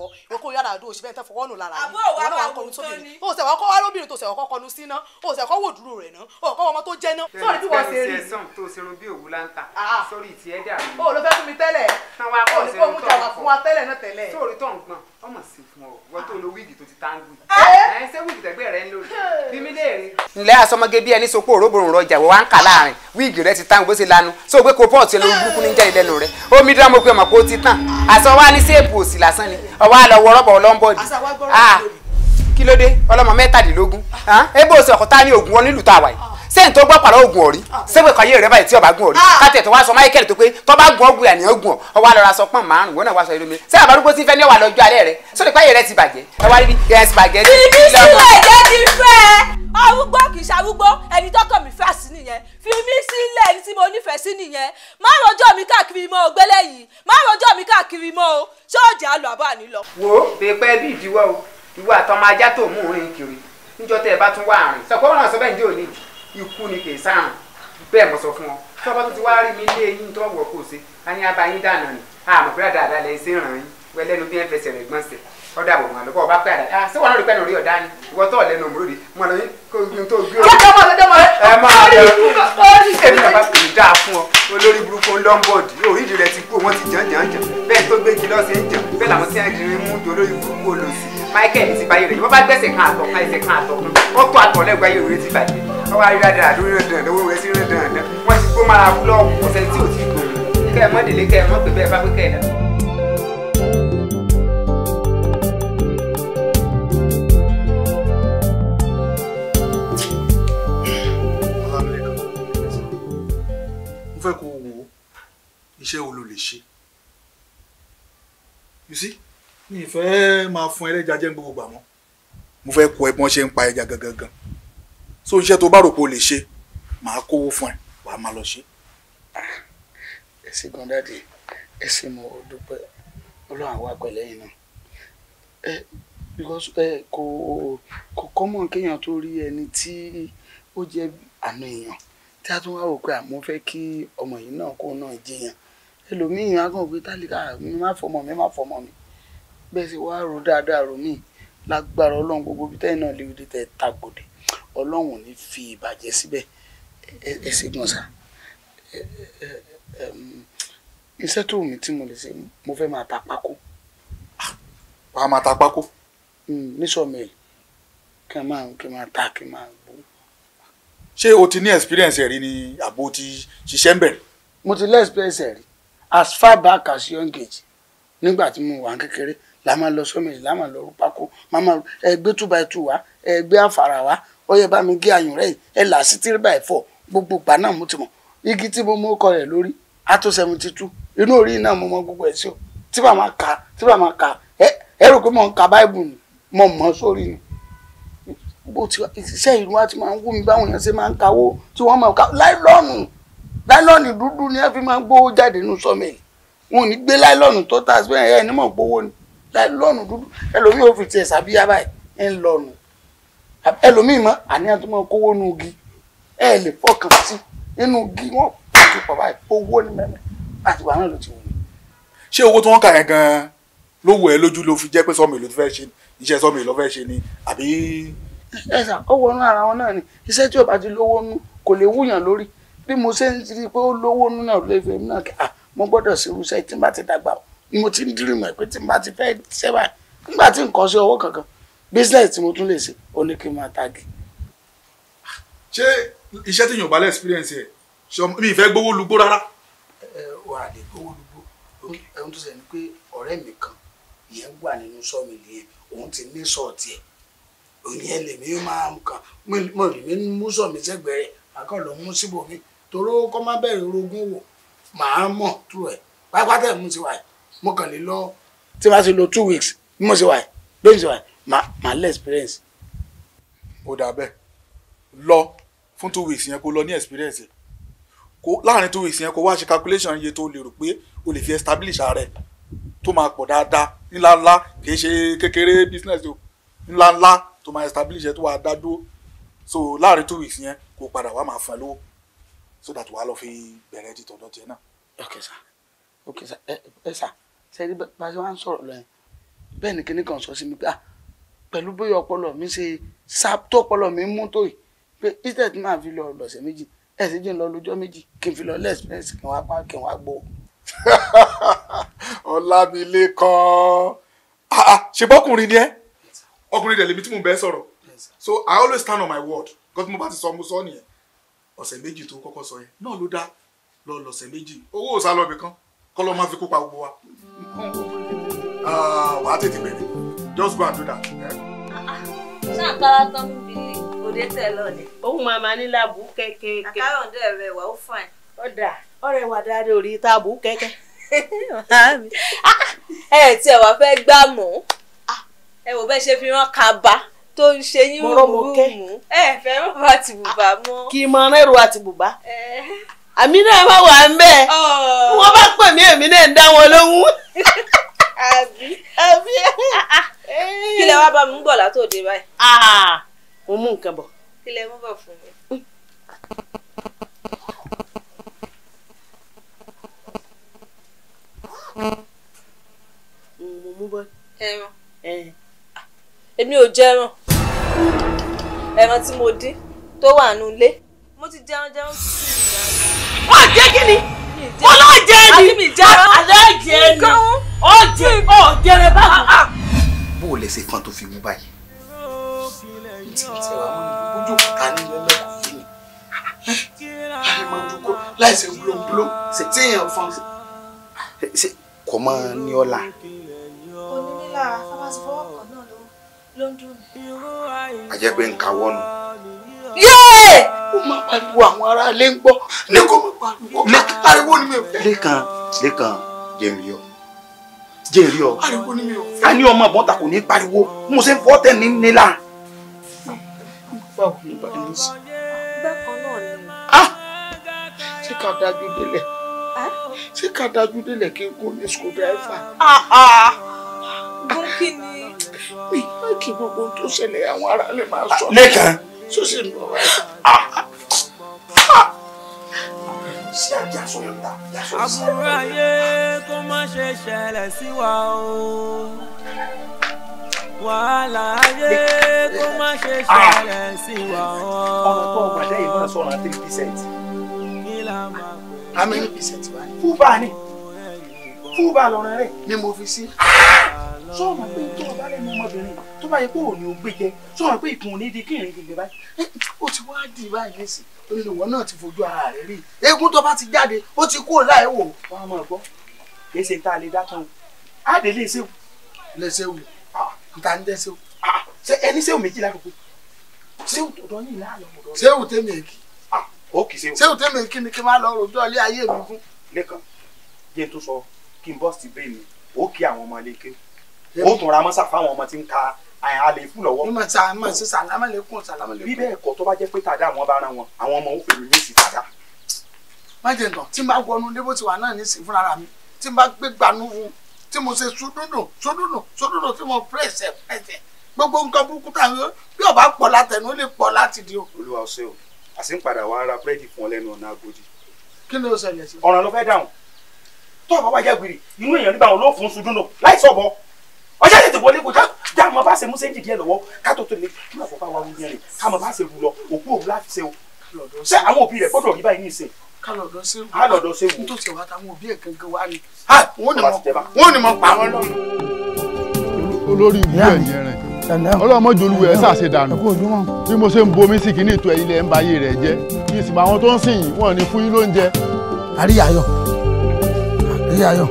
wọ ìwọ kò yàrá àdó òṣìbẹ́ tẹ́ fọwọ́ nù lára yìí wọn náà wà kọ́nu sóbìnrin o sẹ̀wọ́ kọ́ wá lóbìnrin tó sẹ̀wọ́ kọ́ kọ́nu sí náà o sẹ̀wọ́ kọ́ wò dúró rẹ̀ náà o kọ́ ọmọ tó jẹ́ náà sọ́ọ̀rì tí wọ́n ṣe rí. sẹ́sọ̀n tó serun bí òwú láǹtà ah. sórí ìtì ẹ̀dà mi. o ló fẹ́ fún mi tẹ́lẹ̀ ọmọ sí fún ọ wọ́n tó lo wíìgì tó ti tángù ah! ẹ ṣé wíìgì tẹ́gbẹ́ rẹ ń lò bí mi léèrè. ǹlẹ́ àsọmọge bí ẹni sopó òróbòrò rọjà wọ́n wá ń kà láàrin wíìgì rẹ ti tángù bó ṣe lanu sọ pé kò pọ́ọ̀tì lórí burúkú níjà ìlẹ́nu rẹ omi dá mo pé ọmọ kó ti tàn àṣọ wa ní séèpù òsì lásán ni ọwọ́ àlọ́ wọ rọ́bà ọlọ́ńbọ̀dì ah! kí ló dé ọlọ́mọ mẹ́tàdínlógún ah! ẹ bó ṣe ọ̀kọ́ta ní ògùn wọn nílùú tàwa yìí sẹ́yìn tó gbọ́ pàrọ̀ oògùn ọ̀rí sẹ́gbẹ̀ ah. kan ayé rẹ̀ báyìí tí ọba gun ọ̀rí ah. kátẹ̀ tó wá sọ Michael tó pé tó bá gun ọ̀gùn àníyàn gun ọ wá lọ́ra sọ pọ́n márùn wọn náà wá sọ irú mi sẹ́yìn àbárúgbó tí ń fẹ́ ní ọ̀wà lọ́jọ́ alẹ́ rẹ̀ sóde pé ayé rẹ̀ ti bàjẹ́ ẹ wá rí bí ẹ spaghetti. ibi sílẹ̀ jẹ́ ti fẹ́ arúgbó kì í ṣarúgbó ẹni tọkàn mi fà sí nìyẹn fi mí sílẹ̀ ẹni tí mo nífẹ̀ẹ́ sí nìyẹn má rojọ́ mi káàkiri mọ́ o gbélé yìí má rojọ́ mi káàkiri mọ́ o ṣóòjì àlọ́ àbọ̀ àní lọ. wo pèpè bí ìdíwọ́ o ìwọ àtọmọ ajá tó mú un rìn kiri níjọ́ tẹ́ ẹ bá tún wá àrùn sọ pé wọn náà sọ bẹ́ẹ̀ ní òní ikú ni kì í sáàrùn bẹ́ẹ̀ mo sọ fún ọ tọ́ba tó ti wá rí mi lé eyín tó wọ̀ kó ṣe a ní abayín dànù ni àmọ́ bí àdá àdá lẹ́yìn ràn yín wẹ́lẹ́nu bí ẹ̀ fẹsẹ̀ rẹ̀ gbọ́n sí ọ̀dà àbọ̀ wọn lọ́kọ̀ ọba pẹ́ àdá ah, ṣé wọn rí pẹ́ lórí ọ̀dá ni ìwọ tó lẹ́nu òmùrò rí mọ̀ lọ́yìn kó n tó gbé orí. ọjọ́ mọ̀lẹ́ dọ́mọ̀ rẹ. ẹ máa bẹ èmi bàbá kò dáa fún ọ olórí burúkú lọ́nbọ̀dì orídìí rẹ ti kú wọn ti jàn jàn jàn bẹ́ẹ̀ tó gbé jìlọ́ sí jàn bẹ́ẹ̀ làwọn tí wọ́n ti mú olórí burúkú olòsì Michael ti báyìí rẹ̀ wọ́n bá gbẹ̀sẹ̀ kan àtọ̀kan ẹsẹ̀ kan àtọ̀kan ó tó àtọ̀lẹ́gbẹ̀ẹ́ yorùbá ti bàjẹ́ ọwọ́ ayélujára àdúró dandan lówó rẹ sí dandan wọ́n ti kó mára búlọ́ọ̀kù ọ̀sẹ̀ tí ò tí ì gbòòrò kẹ́ ẹ̀ mọ́ délé kẹ́ ẹ̀ mọ́ pé bẹ́ẹ̀ bá pé kẹ́ ẹ̀ náà. fẹ́ kó wo iṣẹ́ wo ló lè ṣe you see mi ì fẹ́ máa fún ẹlẹ́ja jẹ́ gbogbo gbà mọ́ mo fẹ́ kọ́ ẹ bí wọ́n ṣe ń pa ẹja gangan gan so iṣẹ́ tó bá rò pé o lè ṣe màá kówó fún ẹ wàá máa lọ ṣe. Ah, ẹ gan dáàdi ẹ ṣé mo dúpẹ́ ọlọ́run àwa pẹ̀lẹ́ yìí náà ẹ because ẹ kò kò kọ́mọ̀ kéèyàn tó rí ẹni tí ó jẹ́ àna èèyàn tí a tún wá rò pé àmọ́ fẹ́ kí ọmọ yìí náà kó náà jiyàn ẹlòmíyàn á kàn tálíkà mi má fọmọ mi má fọmọ mi bẹ́ẹ̀ sì wá rò dáadáa rò mí lágbára ọlọ́run gbogbo bíi tẹ́yìn náà léwu dé tẹ́ tàgbòdì ọlọ́run ní fi ìbàjẹ́ síbẹ̀ ẹ ṣe gan sa iṣẹ́ tó mi tí mo lè ṣe mo fẹ́ máa ta pákó. wàá máa ta pákó. Hmm, nísọ̀mẹ̀ kí n máa kí n máa ta kí n máa gbó. ṣé o ti ní experience rí ni àbò ti ṣiṣẹ́ ń bẹ̀rẹ̀. mo ti lé experience rí as far back as young age nígbà tí mo wà kékeré la máa lọ sọ́mẹ̀jì la máa lọ rú pákó máa máa ẹgbẹ́ two by two wá ẹgbẹ́ àfàrà wá ó yẹ bá mi gé ayùn rẹ̀ ẹ là sí tírí báyìí fọ gbogbo gbà náà mo ti mọ̀ igi tí mo mú ọkọ rẹ̀ lórí ato seventy two inú orí náà mo mọ gbogbo ẹ̀ sí o tí bàá kà tí bàá kà ẹ rò pé mo ń ka báìbù ni mo mọ̀ sórí ni bó ti iṣẹ́ ìlú wa ti máa ń wú mi báwọn èèyàn ṣe máa ń kawó tí wọ́n máa ń kawó láìlọ́ọ̀nù láìlọ́ọ̀nù dúdú ni wọ́n fi máa ń gbówó jáde nínú sọ́mẹ̀lì wọn ò ní gbé láìlọ́ọ̀nù tó tà sí ẹ̀ ní mọ̀ gbówó ni láìlọ́ọ̀nù dúdú ẹlòmíì ò fi tiẹ̀ sàbíyá báyìí ẹ̀ ń lọ́ọ̀nù ẹlòmíì mọ àníyàn tó máa kówó nu igi ẹ lè fọkàn sí inú igi wọn pàtó bàbá ẹ owó ní mẹ́mẹ́ láti wà náà ló ti wù mí. ṣé owó tí wọ́n kà yẹn gan-an ló wù ẹ́ lójú ló fi jẹ́ pé sọ́ọ̀mù èlò tó fẹ́ ṣe iṣẹ́ sọ́ọ̀mù èlò fẹ́ ṣe ni àbí. ẹ sà ó wọnú ara wọn náà ni iṣẹ́ tí ò bá ti lówó nú kò lè wúyàn lórí bí mo ṣe ń rí pé ó lówó nú náà lè fẹ́ mi náà kí mo gbọ́dọ̀ ṣe irúṣẹ́ tí n bá ti dàgbà mo ti ń dírìmọ̀ pé tí n bá ti fẹ́ ṣẹ́ business tí mo tún lè ṣe ó ní kí n máa tagi. ṣé iṣẹ́ tí yóò bá lẹ́ experience ẹ̀ mi ìfẹ́ gbowó lugbó rárá. ẹ wà á lè gbowó lugbó ohun tó ṣe ni pé ọ̀rẹ́ mi kan ìyẹn wà nínú sọ́ọ̀mì lè òun ti ní sọ́ọ̀tì ẹ̀ òun yẹn lèmi máa kàn mo lè mi mú sọ́ọ̀mì sẹ́gbẹ̀rẹ̀ àkọlù mú síbò mi toró kọ́ má bẹ̀rẹ̀ orogún wò màá mọ̀ tú ẹ̀ pápátẹ̀ mú ti wà mo kàn lè lọ. tí wàá ti lo two weeks bí mo ṣe wà lóyún ti wà màá lè experience. ó dà bẹ́ẹ̀ lọ fún two weeks yẹn kó lọ ní experience kó láàrin two weeks yẹn kó wá ṣe calculation iye tó lè rò pé o lè fi establish ààrẹ tó máa pọ̀ dáadáa ńláńlá kì í ṣe kékeré business o ńláńlá tó máa establish ẹ tó wàá dá dúró so láàrin two weeks yẹn kó padà wá máa fún ẹ lówó so that wàá lọ fi bẹ̀rẹ̀ ti tọ̀dọ̀ tiẹ̀ náà. ok sir ok sir eh, eh, ẹ ẹ sir ṣe é rí bá a ṣe wá ń sọ̀rọ̀ lọ yẹn bẹ́ẹ̀ ni kinní kan sọ sí mi pé ah pẹ̀lú bóyá ọpọlọ mi ṣe sá tó ọpọlọ mi mú tó yìí pé instead máa fi lọ lọ̀sẹ̀ méjì ẹ̀ sì lọ lọ́jọ́ méjì kí n fi lọ lẹ́sìpẹ́sì kí n wá pa kí n wá gbó. Ọlámilékan ah, ah, ṣe bọ́kùnrin ni ẹ́ ọkùnrin dẹ̀ lèmi tí mo bẹ́ẹ̀ sọ̀rọ̀ so I always stand on my word because mo bá ti sọ mo sọ nìyẹn ọ̀sẹ̀ méjì tó kọ́kọ́ sọ yẹn náà ló dá lọ lọ̀sẹ̀ méjì owó ò sá lọ bìkan kọ́ lọ́ máa fi kópa gbogbo wa ah, wàá tètè bẹ̀rẹ̀ just go and do that. Eh? ṣàǹkárá tán níbi òde tẹ̀ lọ ni. òun máa ma ní láàbù kẹ́kẹ́. àkàrà òǹdó ẹ̀rẹ̀ wà ó fàn. ọ̀dà ọ̀rẹ́ wa dáadé orí táàbù kẹ́kẹ́. ẹ ẹ tí ẹ wá fẹ́ gbà mọ́ ẹ wò bẹ́ẹ̀ ṣe fi rán kaba tó ń ṣe yín rúurú mú ẹ fẹ́ràn àti bùbá mọ́. kì í mọ ẹrù àti bùbá àmì náà má wà ń bẹ́ẹ̀ wọ́n bá pè kí lẹ wá bá mi ń bọ̀ látò dé báyìí. Ah. mo mú nǹkan bọ̀. kí lẹ mú bọ̀ fún mi. mo mú bọ́. ẹran. èmi ò jẹ ẹran ẹran tí mo dín tó wà nù ilé mo ti jẹun jẹun títí ìgbà. wọ́n jẹ́ kí ni olóòjẹ́ ni àlẹ́ jẹ́ ni ọ̀jẹ̀ ọ̀jẹ̀ rẹ báyìí. Ah, ah bó o lè ṣe kan tó fi wú báyìí. tí tí wàá mú mi bójú òkúta nílẹ̀ lẹ́kọ̀ọ́ yìí ni láì máa dúkọ́ láì ṣe gbólóńgbóló ṣe tí èèyàn fọn ṣe kò mọ ní ọ̀la. onílà fámásì fọwọ́ kan náà ló ń dùn. àjẹ́ pé ń kawọ́ yéè ó máa pariwo àwọn ará ilé ní kó máa pariwo ariwo lẹ́kàn lẹ́kàn jẹ̀rìyọ̀ jèrè ọ. a ní ọmọ ìbọn kò ní pariwo mo ṣe ń fọ́ tẹ̀ ní ah ṣé ká dájú délẹ̀ ah? ṣé ká dájú délẹ̀ kí n kó ní school driver. Ah, ah! mi ò kí gbogbo tó ṣẹlẹ̀ àwọn aráàlú máa sọ. lẹ́kàn. sọ́sẹ̀ ń bọ̀ wá iṣẹ́ àbí aṣọ yọ̀ǹda. àbúrò ayé kó má ṣe ṣẹlẹ̀ sí wa o wàhálà ayé kó má ṣe ṣẹlẹ̀ ah! sí wa o. ọ̀nà tó ọgbà lẹ́yìn náà sọ̀rọ̀ àti three percent. kí la pè é. how many percent wa ni. fún bá a ní fún bá a lọ́rọ̀ rẹ̀ ni mo fi sí sọ ma pé tó o bá lẹ́nu ọmọbìnrin tó bá yẹ kó o ní o gbé jẹ sọ ma pé ìkùn ní di kí ìrìn gbígbé báyìí ó ti wá di báyìí lẹ́sìn olùwọ́ náà ti fojú ara rẹ̀ rí eégún tó bá ti jáde ó ti kúrò láì wò wọn máa gbọ́ kì í ṣe tá a lè dákan o á dé lè ṣe wù lè ṣe wù nta ń dẹ́ ṣe wù ṣe ẹni ṣe wù méjì lákòókò ṣe wù tọ̀dọ̀ ní ìlà àlọ́ mọ̀dọ́ ṣe wù tẹ́mi èkì ó kì í ṣe wù ṣe wù tẹ́mi èkì ni kí n máa lọ rojọ́ ilé ayé mi fún. lẹ́kàn jẹ́ n tó sọ kí n bọ́ sí bẹ́ẹ̀ mi ó kí àwọn ọmọ ilé ké ó tún ra mọ́sà fáwọn ọmọ tí ń ka a lè fún lọ́wọ́. mo sà mo sè sàlámà lẹ́kùn sàlámà lẹ́kùn. bí bẹ́ẹ̀ kọ́ tó bá jẹ́ pé tàdá àwọn bá ra wọn àwọn ọmọ òfin mi ní sí tàdá. má jẹ tán tí n bá wọnú débò tí wà náà ní sí fúnra mi tí n bá gbé gbanú wu tí mo ṣe sódùnù sódùnù sódùnù tí mo pẹ̀sẹ̀ pẹ̀sẹ̀ gbogbo nǹkan burúkú tà mí bí ọba pọ̀ látẹnu ó lè pọ̀ láti di o. olúwa ọsẹ o àṣìǹpadà wa ara búrẹ́dì fún ọ lẹ́nu ọ̀nà agodi. kí ni o ṣẹlẹ̀ sí. ọ̀ràn ló fẹ́ dáhùn tó ọ̀bọ̀ wájà gbèrè inú èèyàn nígbà wọn ló fún un sùdúnù láì sọ̀bọ̀ ọjà tètè wọlé kò já tá a mọ bá ṣe mú séjì díẹ̀ lọ́wọ́ ká tó tó lè kí wọn fọ bá wa wúni rẹ ká mọ bá ṣe wù lọ òkú òun láti ṣe o ṣé àwọn òbí rẹ gbọ́dọ̀ rí báyìí ní ìsìn kálọ̀dọ̀ ṣe wù kálọ̀dọ̀ ṣe wù nítòsí wa táwọn òbí ẹ̀ gangan wa ni wọ́n ni mo pa wọn lọ. olórí ibú ẹ̀ yẹn rẹ̀ ọlọ́mọ jòlúwò ẹ̀ sàṣe dànù bí mo ṣe ń bomi sí kí ní ìtọ́ ilẹ̀ ń ba ayé rẹ̀ jẹ́ kí n sì bá àwọn tó ń sìn yìí wọ́n ní fún yín lóúnjẹ. àríyáyọ àríyáyọ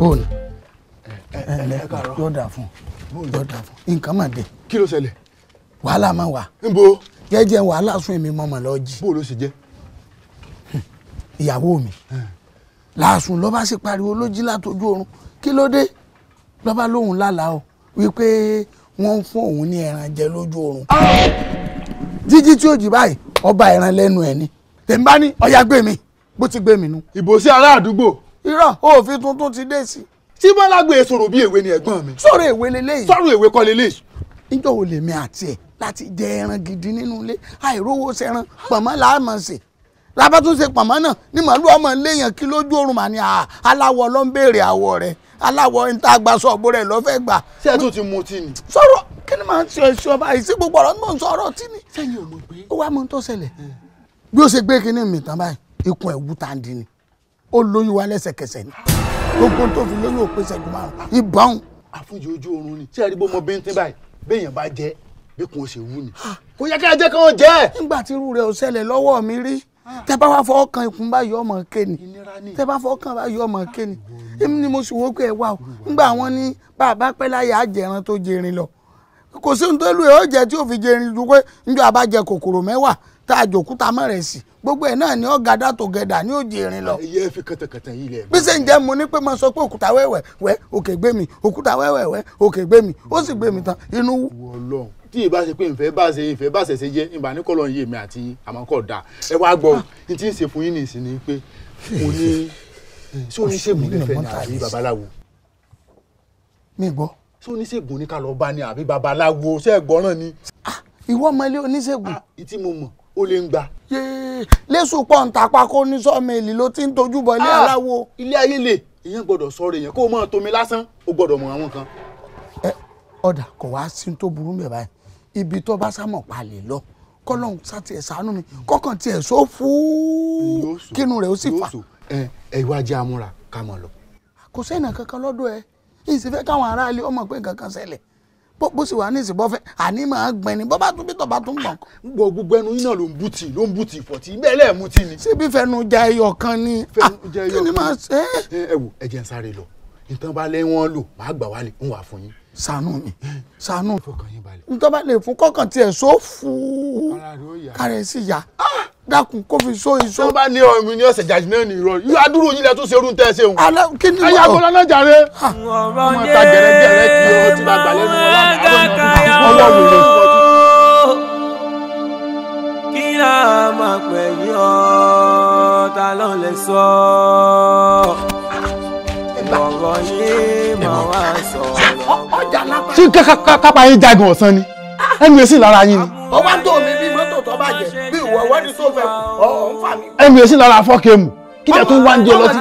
òun ẹ ẹ yóò dà fún un yóò dà fún nǹkan mà dé. kí ló ṣẹlẹ̀. wàhálà máa wà. nbo. jẹ́jẹ́ wàhálà sún èmi mọ̀mọ́ lọ jí. bó ló ṣe jẹ́. ìyàwó mi làásùn lọ́ba ṣe pariwo ló jí látojú oorun kí ló dé lọ́ba lóhùn lálàá o wípé wọ́n ń fún òun ní ẹran jẹ lójú oorun. jíjí tí ó jí báyìí ọba ẹran lẹ́nu ẹ̀ ni tèmi ọ̀yà gbé mi bó ti gbé mi nu. ìbòsí ará àdúgbò. irọ́ òfin tuntun ti dé sí i tí bọ́lágbé sọ̀rọ̀ bí èwe ni ẹ̀gbọ́n mi. sọ̀rọ̀ èwe leléyìí. sọ̀rọ̀ èwe kọ́ leléyìí. níjọ́ wo lèmi àti ẹ̀ láti jẹ ẹran gidi nínú ilé àìrówó sẹran pọ̀nmọ́ làá mọ̀ sí lábá tún ṣe pọ̀nmọ́ náà ní màálù ọmọ léèyàn kí lójú oorun mà ní aláwọ̀ ló ń béèrè àwọ̀ rẹ̀ aláwọ̀ ń tá gba sọ̀bù rẹ̀ lọ́fẹ́ gbà. ṣé ẹ tún ti mu tí ni. sọ̀rọ̀ kí ni màá ṣe ẹ̀ṣọ́ báyìí sí gbogbo ọ̀rọ̀ náà sọ̀rọ̀ tí ni. sẹ́yìn ò mọ̀ pé. ó wá mọ tó ṣẹlẹ̀ bí ó ṣe gbé kinní mi tán báyìí ikùn ẹ̀ wú tàǹdì ni ó lóyún wa lẹ́sẹ̀kẹsẹ̀ ni gbogbo tó fi lóyún òpin ṣẹ́gun márùn-ún ìbọn. àfúnjì ojú oorun ni tí ẹ rí bó mọ bíntín báyìí béèyàn bá jẹ bí kò ṣe wú ni. Ah. kò yẹ kí ẹ jẹ́ kí wọ́n jẹ́. nígbà tí irú rẹ̀ ò ṣẹlẹ̀ lọ́wọ́ mi rí ah. tẹ bá wá fọwọ́ kan ikùn báyìí ọmọ kéènì tẹ bá fọwọ́ kan báyìí ọmọ kéènì èmi ni mo sì wò pé ẹ wà o nígbà wọn ní bàbá pẹ́ láyà àjẹran tó jẹrin lọ kò sí ohun tó lù ẹ́ ó jẹ tí ò fi jẹrin ju pé njọ́ abájẹ kòkòrò mẹ́wàá tá a jòkúta mọ́ rẹ̀ sí gbogbo ẹ̀ náà ni ó gada tó gẹ̀dà ní òjì ìrìn lọ. iye fi kẹtẹkẹtẹ yìí lẹ. bí ṣe ń jẹ́ mo ní pé mo sọ pé òkúta wẹ́wẹ́ wẹ́ òkè gbé mi òkúta wẹ́wẹ́ wẹ́ òkè gbé mi ó sì gbé mi tán inú wú. Ọlọ́run tí ìbá ṣe pé ìfẹ́ bá ṣe ìfẹ́ bá ṣe ṣe jẹ́ ìbá ní kọ́lọ́ yé mi àti àmọ́ kọ́ da ẹ wá gbọ́ ní tí ń ṣe fún yín nìsí ni pé mo ní ṣé oníṣègùn nífẹ̀ẹ́ ní àbí babaláwo. mi gbọ́. ṣé oníṣègùn ní ká lọ bá ní àbí babaláwo ṣé ẹ gbọ́ràn ni. Ah, ìwọ ọmọ ilé oníṣègùn. Ah, ìtí mo mọ̀ ó lè ń gbà. lẹ́sùn pọ̀ ń tapá kó ní sọ́ọ̀mù èlì ló ti ń tojú bọ ilé ah, aláwo. ilé ayé lè èèyàn gbọ́dọ̀ sọ̀rọ̀ èèyàn kó o máa tomi lásán o gbọ́dọ̀ mọ àwọn kan. ẹ ọ̀dà kò wá sí tó burú mẹ́ báyìí ibi tó bá sá mọ̀ palẹ̀ lọ kọ́lọ́hún sátì ẹ̀ sànú mi kọ́kàn tiẹ̀ sọ fúú kínú rẹ̀ ó sì fà. ẹ ẹ ìwádìí amúra ká mọ̀ lọ. kò sẹ́yìn kankan lọ́dọ̀ ẹ ìsìnfẹ́ bó sì wà ní ìsìnbọ fẹ àní máa gbẹ ni bọba tún bí tọba tún gbọn. gbogbo gbogbo ẹnu yín náà ló ń bu tì ló ń bu tì ìfọ̀tì bẹ́ẹ̀ lẹ́ẹ̀mú tì ni. síbi fẹnu ja ẹyọ kan ni ah, kí ni máa ṣe. ẹ wo ẹ jẹ́ ń sáré lọ ìtàn bá lẹ́ wọ́n lò má gbà wálé ń wà fún yín. ṣàánú mi ṣàánú ntọ́ba lè fún kọ́kàn tiẹ̀ sófù kárẹ̀ sí ya. Ah! dákun kó fi só iṣó. tó bá ní ọ̀run ní ọ̀sẹ̀ jàjì náà ní irọ́ yóò adúrú yín lẹ tún ṣe irú tẹ́ ẹ ṣeun. alẹ́ kí ni wọ́n. ẹ̀yà gbọ́dọ̀ náà jàre. ọmọ ta gẹ̀rẹ́gẹ̀rẹ́ kí ọ ti máa gbà lẹ́nu ọlọ́run kí là máa pè yín ọ́ ta ló lè sọ ọ̀rọ̀ yìí máa wá sọ̀rọ̀. sí kápá yín jagun ọ̀sán ni ẹnu èsì lára yín ni. ọwọ́ tó mi bí mọ́tò tó bàjẹ́ bí ìwọ wẹ́ni tó fẹ́ ọ̀ ń fà mí. ẹnu èsì lára fọ́kẹ́mù kí lẹ tún wá ń di ọlọ́tí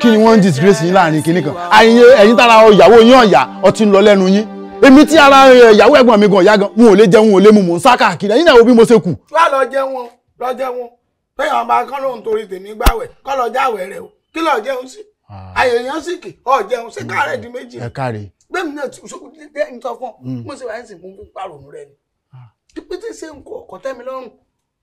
kí ni wọ́n ń disgrace yín láàrin kinní kan àyìn ẹ̀yìn tára ìyàwó yín ọ̀yà ọtí ń lọ lẹ́nu yín èmi tí ara ìyàwó ẹ̀gbọ́n mi gan ọ̀yá gan wọn ò lè jẹun ò lè mu mò ń sá káàkiri ẹ̀yin náà wo bí mo ṣe kù. wá lọ jẹun lọ jẹun péyàn ọba kán lóun torí tèmi gbàwẹ̀ kọ́ lọ jáwẹ̀ rẹ̀ o kí lọ jẹun sí ah. àyè yẹn sì kì ọ jẹun sí káàrẹ̀ di méjì. ẹ káàrẹ̀ gbẹ̀mí náà ṣe ń tọ́ fún hmm. mo ṣe wà ń sìn fún pàrọ̀nù rẹ ni ah. pípẹ́ tí ṣe ń kọ̀ ọ̀kọ̀ tẹ́mi lọ́rùn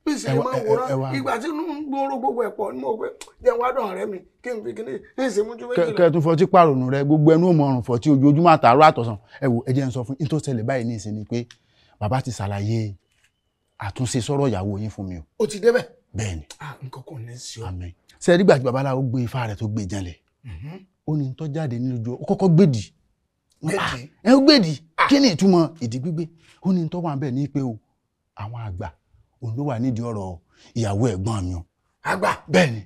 bí ṣe máa wòrán ìgbà tí inú ń gbòòrò gbogbo ẹ̀pọ̀ ni mo gbé jẹun wádùn ọ̀rẹ́ mi kí n fi kíní ní ìṣèmújú méjìlá. kẹtùn fọtí pàrọ̀nù rẹ gbogbo ẹnu ò mọ ọrùn fọtí ojoojúmọ́ àtàárọ̀ àtọ̀sán ẹ wò ẹ jẹ́ ń sọ fún yín tó ṣẹlẹ̀ báyìí ní ìsìn ni pé bàbá ti ṣàlàyé àtúnṣe sọ̀rọ̀ ìyàwó yín fún mi o. o ti débẹ̀. bẹ́ẹ̀ni. Ah, nǹkan kò ní í ṣe o. àmín sẹ́ẹ̀rí gbàgbé babaláwo gbé ifá rẹ̀ tó gbé e jẹ́lẹ̀ mm-hmm. ó ní tó nílùú gbèdì ah, ẹ gbèdì ah. kí ni ìtumọ̀ ìdí gbígbé ó ní tó wà ń bẹ ní pé o àwọn àgbà òun ló wà nídìí ọ̀rọ̀ ìyàwó ẹ̀gbọ́n mi o. àgbà bẹ́ẹ̀ ni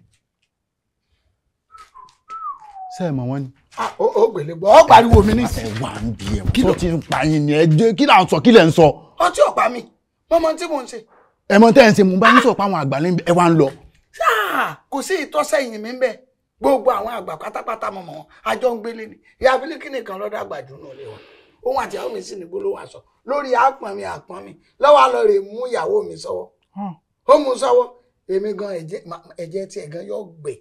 ṣe mọ̀ wọ́n ni. Ah, ó gbèlè gbọ́ ọ pariwo mi nísìnyí. ẹ wà ń bí ẹ kí ló ti ń pa yín ni ẹ jẹ kí là ń sọ kí lẹ ń sọ. ọtí ò pa mi mo mọ tí mò ń ṣe. ẹ mọ tẹ́ ẹ ń ṣe mo bá yín sọ̀pọ̀ àwọn àgbà ẹ wá ń lọ. kò sí ìtọ́sẹ̀ yìnyín mi ń bẹ́ẹ̀ gbogbo àwọn àgbà pátápátá mọ̀mọ́ wọn àjọ ń gbélé ni ìyá abilékí nìkan lọ́dọ̀ àgbà jù náà lé wọn òun àti ìyàwó mi sì ní gbólóhùn aṣọ lórí àpọ̀n mi àpọ̀n mi lọ́wọ́ lọ rè mú ìyàwó mi sọ́wọ́ ó mú sọ́wọ́ èmi gan ẹ̀jẹ̀ tí ẹ̀gán yóò gbè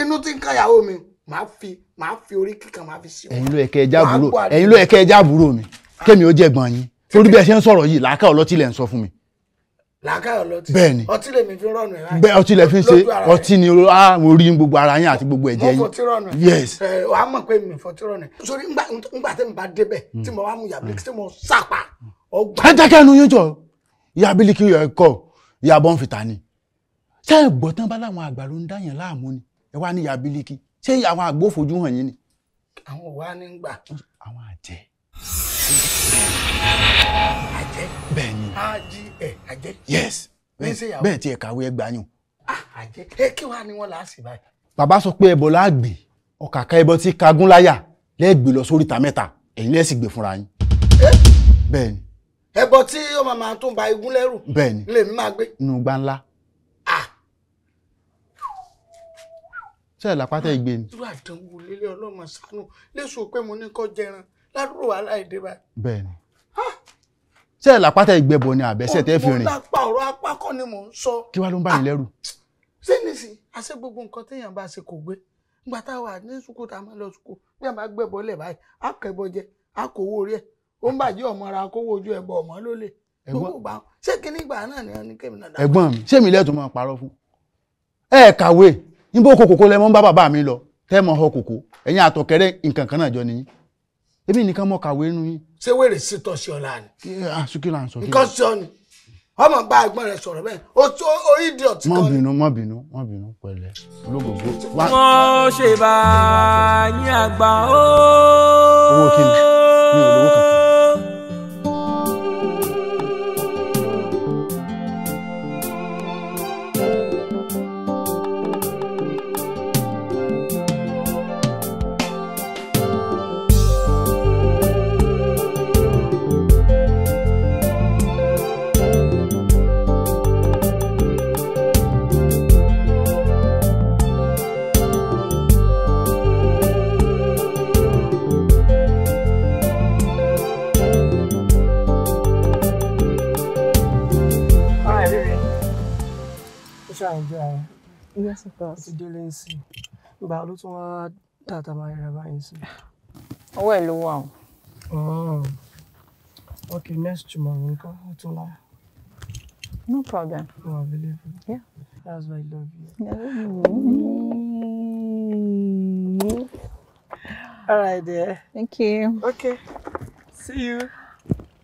inú tí ń ká ìyàwó mi màá fi màá fi orí kíkan màá fi sí wọn. ẹ̀yin ló ẹkẹ ẹja àbúrò ẹ̀yin ló ẹkẹ ẹja àbúrò mi ah. kémi ó jẹgbọn yín torí bí ẹ ṣe ń sọ̀rọ̀ yìí làákà ọlọtí lẹ ń sọ fún mi làákàyọ̀ lọtí bẹ́ẹ̀ni ọtí lèmi fi rọ̀nù ẹ̀ báyìí bẹ́ẹ̀ ọtí lè fi ṣe ọtí ni a ah, mo rí gbogbo ara yín àti gbogbo ẹ̀jẹ̀ yín mo fọtí rọ̀nù ẹ̀ yes ẹ̀ wàá mọ̀ pé mi fọtí rọ̀nù ẹ̀ sori ngbà tẹ́ mi bá débẹ̀ hmm. tí mo wá mu yàbílíkì hmm. tí mo sàpà ọgbà. ẹ dákẹ́ ẹnu yín jọ yàbílíkì ẹ̀kọ́ yàbọ̀ ń fìtà ni ṣé ẹ̀gbọ́n tán bá láwọn àgbà ló ń dá yẹn láàmú ni ẹ wá ní yàbílíkì ṣé àwọn àgbò fojú hàn yín ni. àwọn wá ní gbà. àwọn àjẹ́ àjẹ́ e, bẹ́ẹ̀ ni ají ẹ̀ àjẹ́ yes bẹ́ẹ̀ tí ẹ kàwé ẹ gbà yàn. àjẹ́ ẹ kí wàá ní wọn là á sì báyìí. bàbá sọ pé ẹbọ láàgbè ọkàkà ẹbọ tí kagún láyà lẹ́ẹ̀gbẹ́ lọ sórí ìta mẹ́ta ẹ̀yin lẹ́sì gbé fúnra yín. bẹ́ẹ̀ ni. ẹbọ tí ó máa máa tún ba igun lẹ́rù. bẹ́ẹ̀ ni lèmi máa gbé. nù gbá ńlá. sẹ́ẹ̀ lápá tẹ́ ìgbé ni. irú àdánwò lélẹ́ ọlọ́mọ sánú lẹ́sùn pé mo ní kọ́ jẹran lárú wàhálà èdè báyìí. bẹ́ẹ̀ni ṣé ẹ làpátá ìgbẹ́bọ ni àbẹ́sẹ̀ tẹ́ fi rìn. ọ̀rọ̀ apá kọ́ ni mò ń sọ. kí wàá ló ń bá yín lẹ́rù. Ah! ṣé àṣẹ gbogbo téèyàn bá ṣe kò gbé nígbà ní sukù tá a máa lọ sukù bí a máa báyìí a jẹ a kò owó rí ẹ̀ ó ń bàjẹ́ ọmọ ara ọmọ èmi nìkan mọ kàwé nu yín. ṣé wèrè sí tọ́sí ọ̀la ni. àṣùkí ah, là ń sọ kí ni. nǹkan sọ ni ọmọ bá ẹ̀gbọ́n rẹ sọ̀rọ̀ bẹ́ẹ̀ o tó orí di ọtí kan. mọ bínú mọ bínú mọ bínú pẹ̀lẹ́ olóògbé. wọn ṣe bá yín àgbà ó. owó kí ni mi ò lówó kankan. Lagos. Ó ti délé ń sìn. Ìgbà ló tún wá tàtà máa rẹ̀ báyìí sí. Ọwọ́ ẹ̀ ló wà o. Oh. Okay, next tomorrow nǹkan ọ̀túnla. No problem. You are available. Yeah. That's why I love you. Mm All right, dear. Thank you. Okay. See you.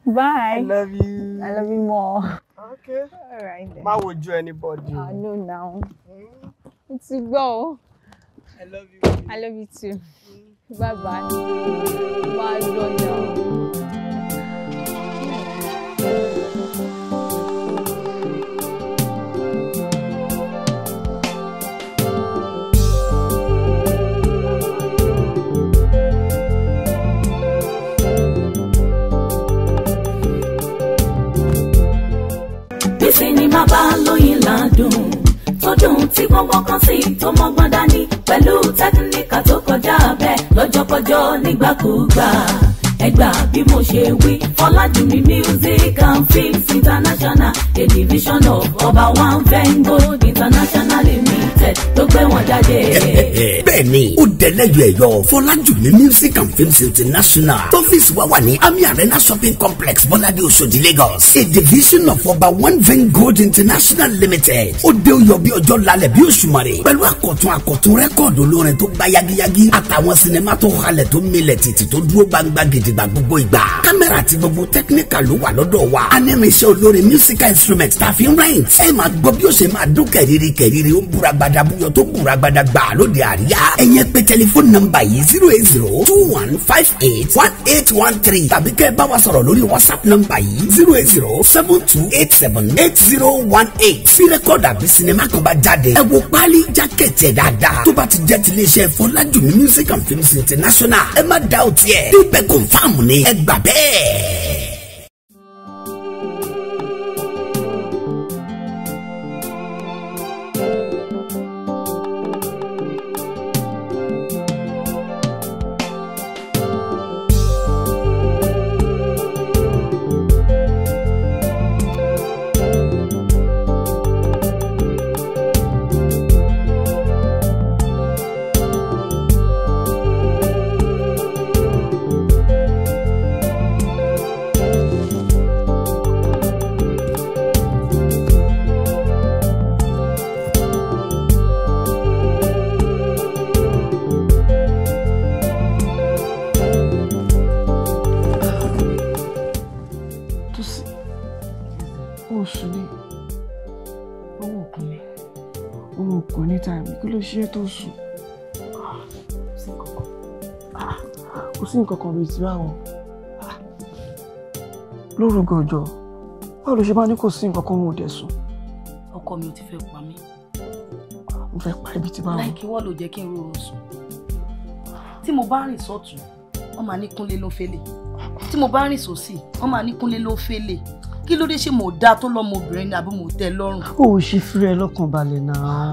Bye. I love you. I love you more. Okay. All right. Then. Why would you anybody? I know now. Mm mo ti gbọ́ o. I love you. I love you too. Mm. Bye bye. Bye, fọgbọ́n kan sí i tó mọ́gbọ́n dání pẹ̀lú tẹkíníkà tó kọjá bẹ́ẹ̀ lọ́jọ́kọjọ́ nígbàkúgbà ẹgbà bí mo ṣe wí Fọlájùmí music and films international a division of ọba one vengo international limited ló gbé wọn jáde. bẹ́ẹ̀ni ó dẹlẹyọ ẹyọ Fọlájùmí music and films international tọfíìsì wa wà ní Ami Arena shopping complex Bọ́ládé Òṣòdì Lagos a division of ọba one vengo international limited ó dé oyọ bí ọjọ́ lálẹ́ bí òṣùmàrè pẹ̀lú àkọ́tún àkọ́tún rẹ́kọ̀dù olórin tó gbá yagiyagi àtàwọn sinimá tó halẹ̀ tó milẹ̀ títì tó dúró gbangba gidi àtìgbà gbogbo ìgbà kámẹ́rà àti gbogbo tẹ́kíníkà ló wà lọ́dọ̀ wa anẹ́rinṣẹ́ olórin musical instrument ta fi ń rẹ́yìn ẹ máa gbọ́ bí ó ṣe máa dún kẹ̀rìírí kẹ̀rìírí ó ń búra gbada búyọ tó búra gbada gbà lóde àríyá ẹ̀yẹn pé tẹlifóònù nọ́mbà yìí zero eight zero two one five eight one eight one three tàbí kẹ́ ẹ bá wa sọ̀rọ̀ lórí whatsapp nọ́mbà yìí zero eight zero seven two eight seven eight zero one eight Fi rẹ́kọ̀dù àbí sinimá kan bá jáde ẹ wo páálí jákẹ́tì ẹ̀ dáadáa tó bá ti jẹ́ tiléeṣẹ́ fọlájùmí music and films international ẹ má dá òtí ẹ̀ bíbẹ̀ kò confam ni ẹ gbà bẹ́ẹ̀. tó sùn kò sí nǹkan kan lórí ti báwọn lóru gànjọ báwo ló ṣe máa ní kò sí nǹkan kan wọn ò dẹ̀ sùn. ọkọ mi ò ti fẹ́ pa mí. mo fẹ́ pa ibi tí báwọn. láìkí wọ́n ló jẹ́ kí n rọrùn sùn tí mo bá rìn sọ́tún wọ́n máa ní kúnlé ló fẹ́lẹ̀ tí mo bá rìn sósì wọ́n máa ní kúnlé ló fẹ́lẹ̀ kí ló dé ṣe mò dá tó lọ́mọbìnrin ni àbí mò ń lọ́rùn. o ò ṣe fúrẹ́ lọ́kàn balẹ̀ náà.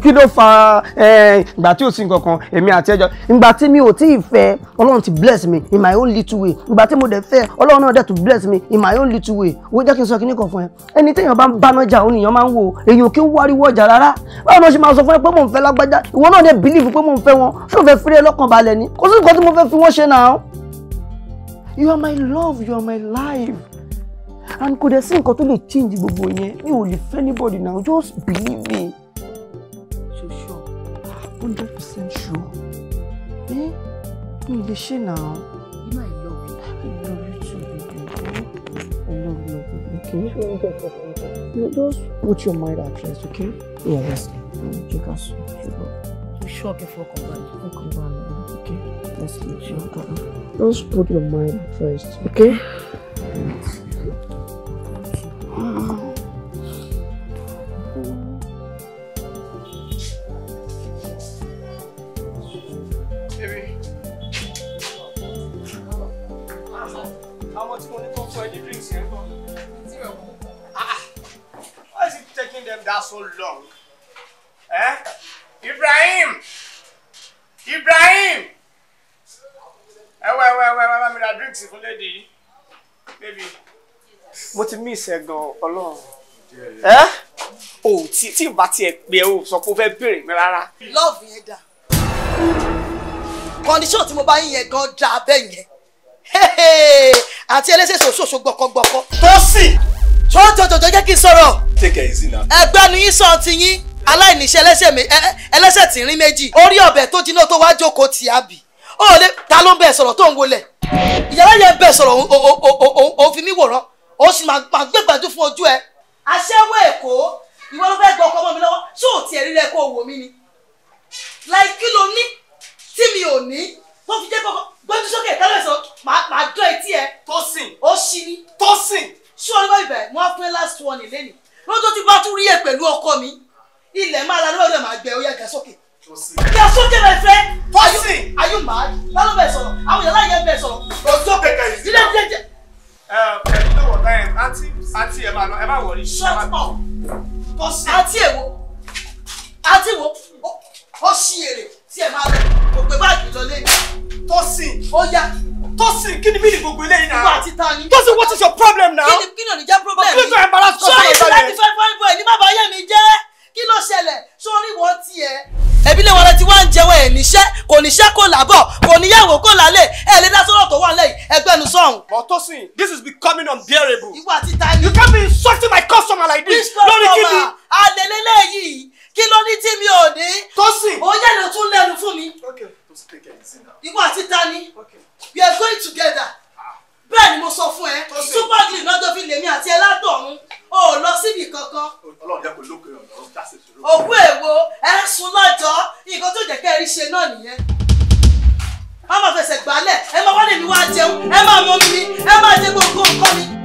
kí ló fa ìgbà tí ò sí nǹkan èmi àti ẹjọ ìgbà tí mi ò tí ì fẹ́ ọlọ́run ti bless me in my own little way ìgbà tí mo dẹ̀ fẹ́ ọlọ́run náà dẹ̀ tún bless me in my own little way wo jẹ́ kí n sọ kíní kan fún ẹ ẹni téèyàn bá ń báná jà ó nìyàn máa ń wò èèyàn kí ń wáriwo ọjà rárá báwo ni wọ́n ṣe máa sọ fún ẹ pé mò ń fẹ́ lágbájá ìwọ náà dẹ̀ believe pé mò ń fẹ́ wọn ṣó fẹ́ fúré lọ́kàn balẹ̀ ni kò sí nǹkan tí mo you are my love you and kò dẹ̀ sí nǹkan tó lè change gbogbo yẹn mi ò lè fẹ́ anybody now just believe me. 100% sure. Eh? Me, they now. You know I love you. I love you too, baby. I love you, baby. Okay? You just put your mind at rest, okay? Yeah, yes. You can sleep. You sure before combine? Before combine, okay? Let's sleep, sure. Just put your mind at rest, okay? Thank you. tí mo ní kọ́ fún drinks yẹn náà. Ah, why is it taking them that so long? Eh? Ibrahim! Ibrahim! Eh, well, well, well. ẹ wá ẹ wá mi ra drinks fún lady yìí. Baby. Mo ti mí ìṣẹ́ gan-an Ọlọ́run. Ẹ́ eh? o tí tí n bá tiẹ̀ pé o sọ pé o fẹ́ béèrè mi rárá. Lọ́ọ̀bù yẹn dà. Kọ́ndíṣọ̀n tí àti ẹlẹ́sẹ̀ sòṣòṣò gbọ̀kọ̀gbọ̀kọ̀. Tósìn. jọjọjọjọ jẹ́ kí n sọ̀rọ̀. take it easy now. ẹgbẹ́ ni yín sọ ti yín aláìníṣẹ́ ẹlẹ́sẹ̀ tí ń rí méjì orí ọ̀bẹ tó jiná tó wá jókòó tì á bì ó lè ta ló ń bẹ̀ sọ̀rọ̀ tó ń wọlé ìyàrá yẹn bẹ̀ sọ̀rọ̀ òun fi mí wòran ó sì máa gbé gbàdú fún ojú ẹ. aṣẹ́wó èkó ìwọ ló fẹ́ gba ọkọ mọ́ mi lọ́wọ́ tí ò tiẹ̀ rí rẹ kó wò mí ni láì kí ló ní tí mi ò ní tó fi jẹ́ kọ́kọ́ gbójú sókè tẹ́lẹ̀ sọ màá dọ́ etí ẹ. Tósìn. ó ṣí ni. Tósìn. ṣé olúwa ibẹ̀ mo á fún ẹ last one lẹ́nu lọ́jọ́ tí bá tún rí ẹ pẹ̀lú ọkọ mi ilẹ̀ máa la lọ́dọ̀ máa gbẹ ó yá ga ga sókè rẹ fẹ́. Tósìn. ayú màá lálọ́ bẹ̀ sọ̀rọ̀ àwọn yàrá yẹn bẹ̀ sọ̀rọ̀. lọ sókè kẹ̀yìn sí i ẹni tó wọ̀ táyà àti àti ẹ̀ ẹ má wọrí. shut up àti èwo àti èwo ó ṣí èrè tí ẹ máa lọ kò báàgì lọ lé tọ́sìn ó yá tọ́sìn kí ni bí gbogbo eléyìí náà àti tani tọ́sìn what is your problem now kí ni kí ni ò ní jẹ́ problem mi sọ yìí sílẹ̀ ti fẹ́ fọ́n bọ̀ ẹ̀ ní bàbá ayé mi jẹ́ kí ló ṣẹlẹ̀ sórí wọ́n tiẹ̀ ẹbí lè wọlé tí wọn ń jẹun ẹ níṣẹ́ kò níṣẹ́ kò lábọ̀ kò níyàwó kò lálẹ́ ẹ lè dá sọ̀rọ̀ tó wà lẹ́yìn ẹgbẹ́ nu sọhùn. ọtọsìn this is becoming unbearable. ìwà títa ni. you can't be insulting my customer like this. lórí kí ni. àlè lélẹ́yìí kí ló ní tí mi ò ní. Tosin. ó yẹ lè tún lẹ́nu fún mi. ìwọ àti Tani we are going together ah. bẹ́ẹ̀ ni mo sọ fún ẹ super glue náà tó fi lèmi àti ẹ látọ̀run o ò lọ síbi kankan. òkú èwo ẹ sùn lọ́jọ́ nǹkan tó jẹ́ kẹ́ ẹ rí ṣe náà nìyẹn. a máa fẹsẹ̀ gbálẹ̀ ẹ máa wá lèmi wá jẹun ẹ máa mọ mi ẹ máa jẹ gbogbo nǹkan mi.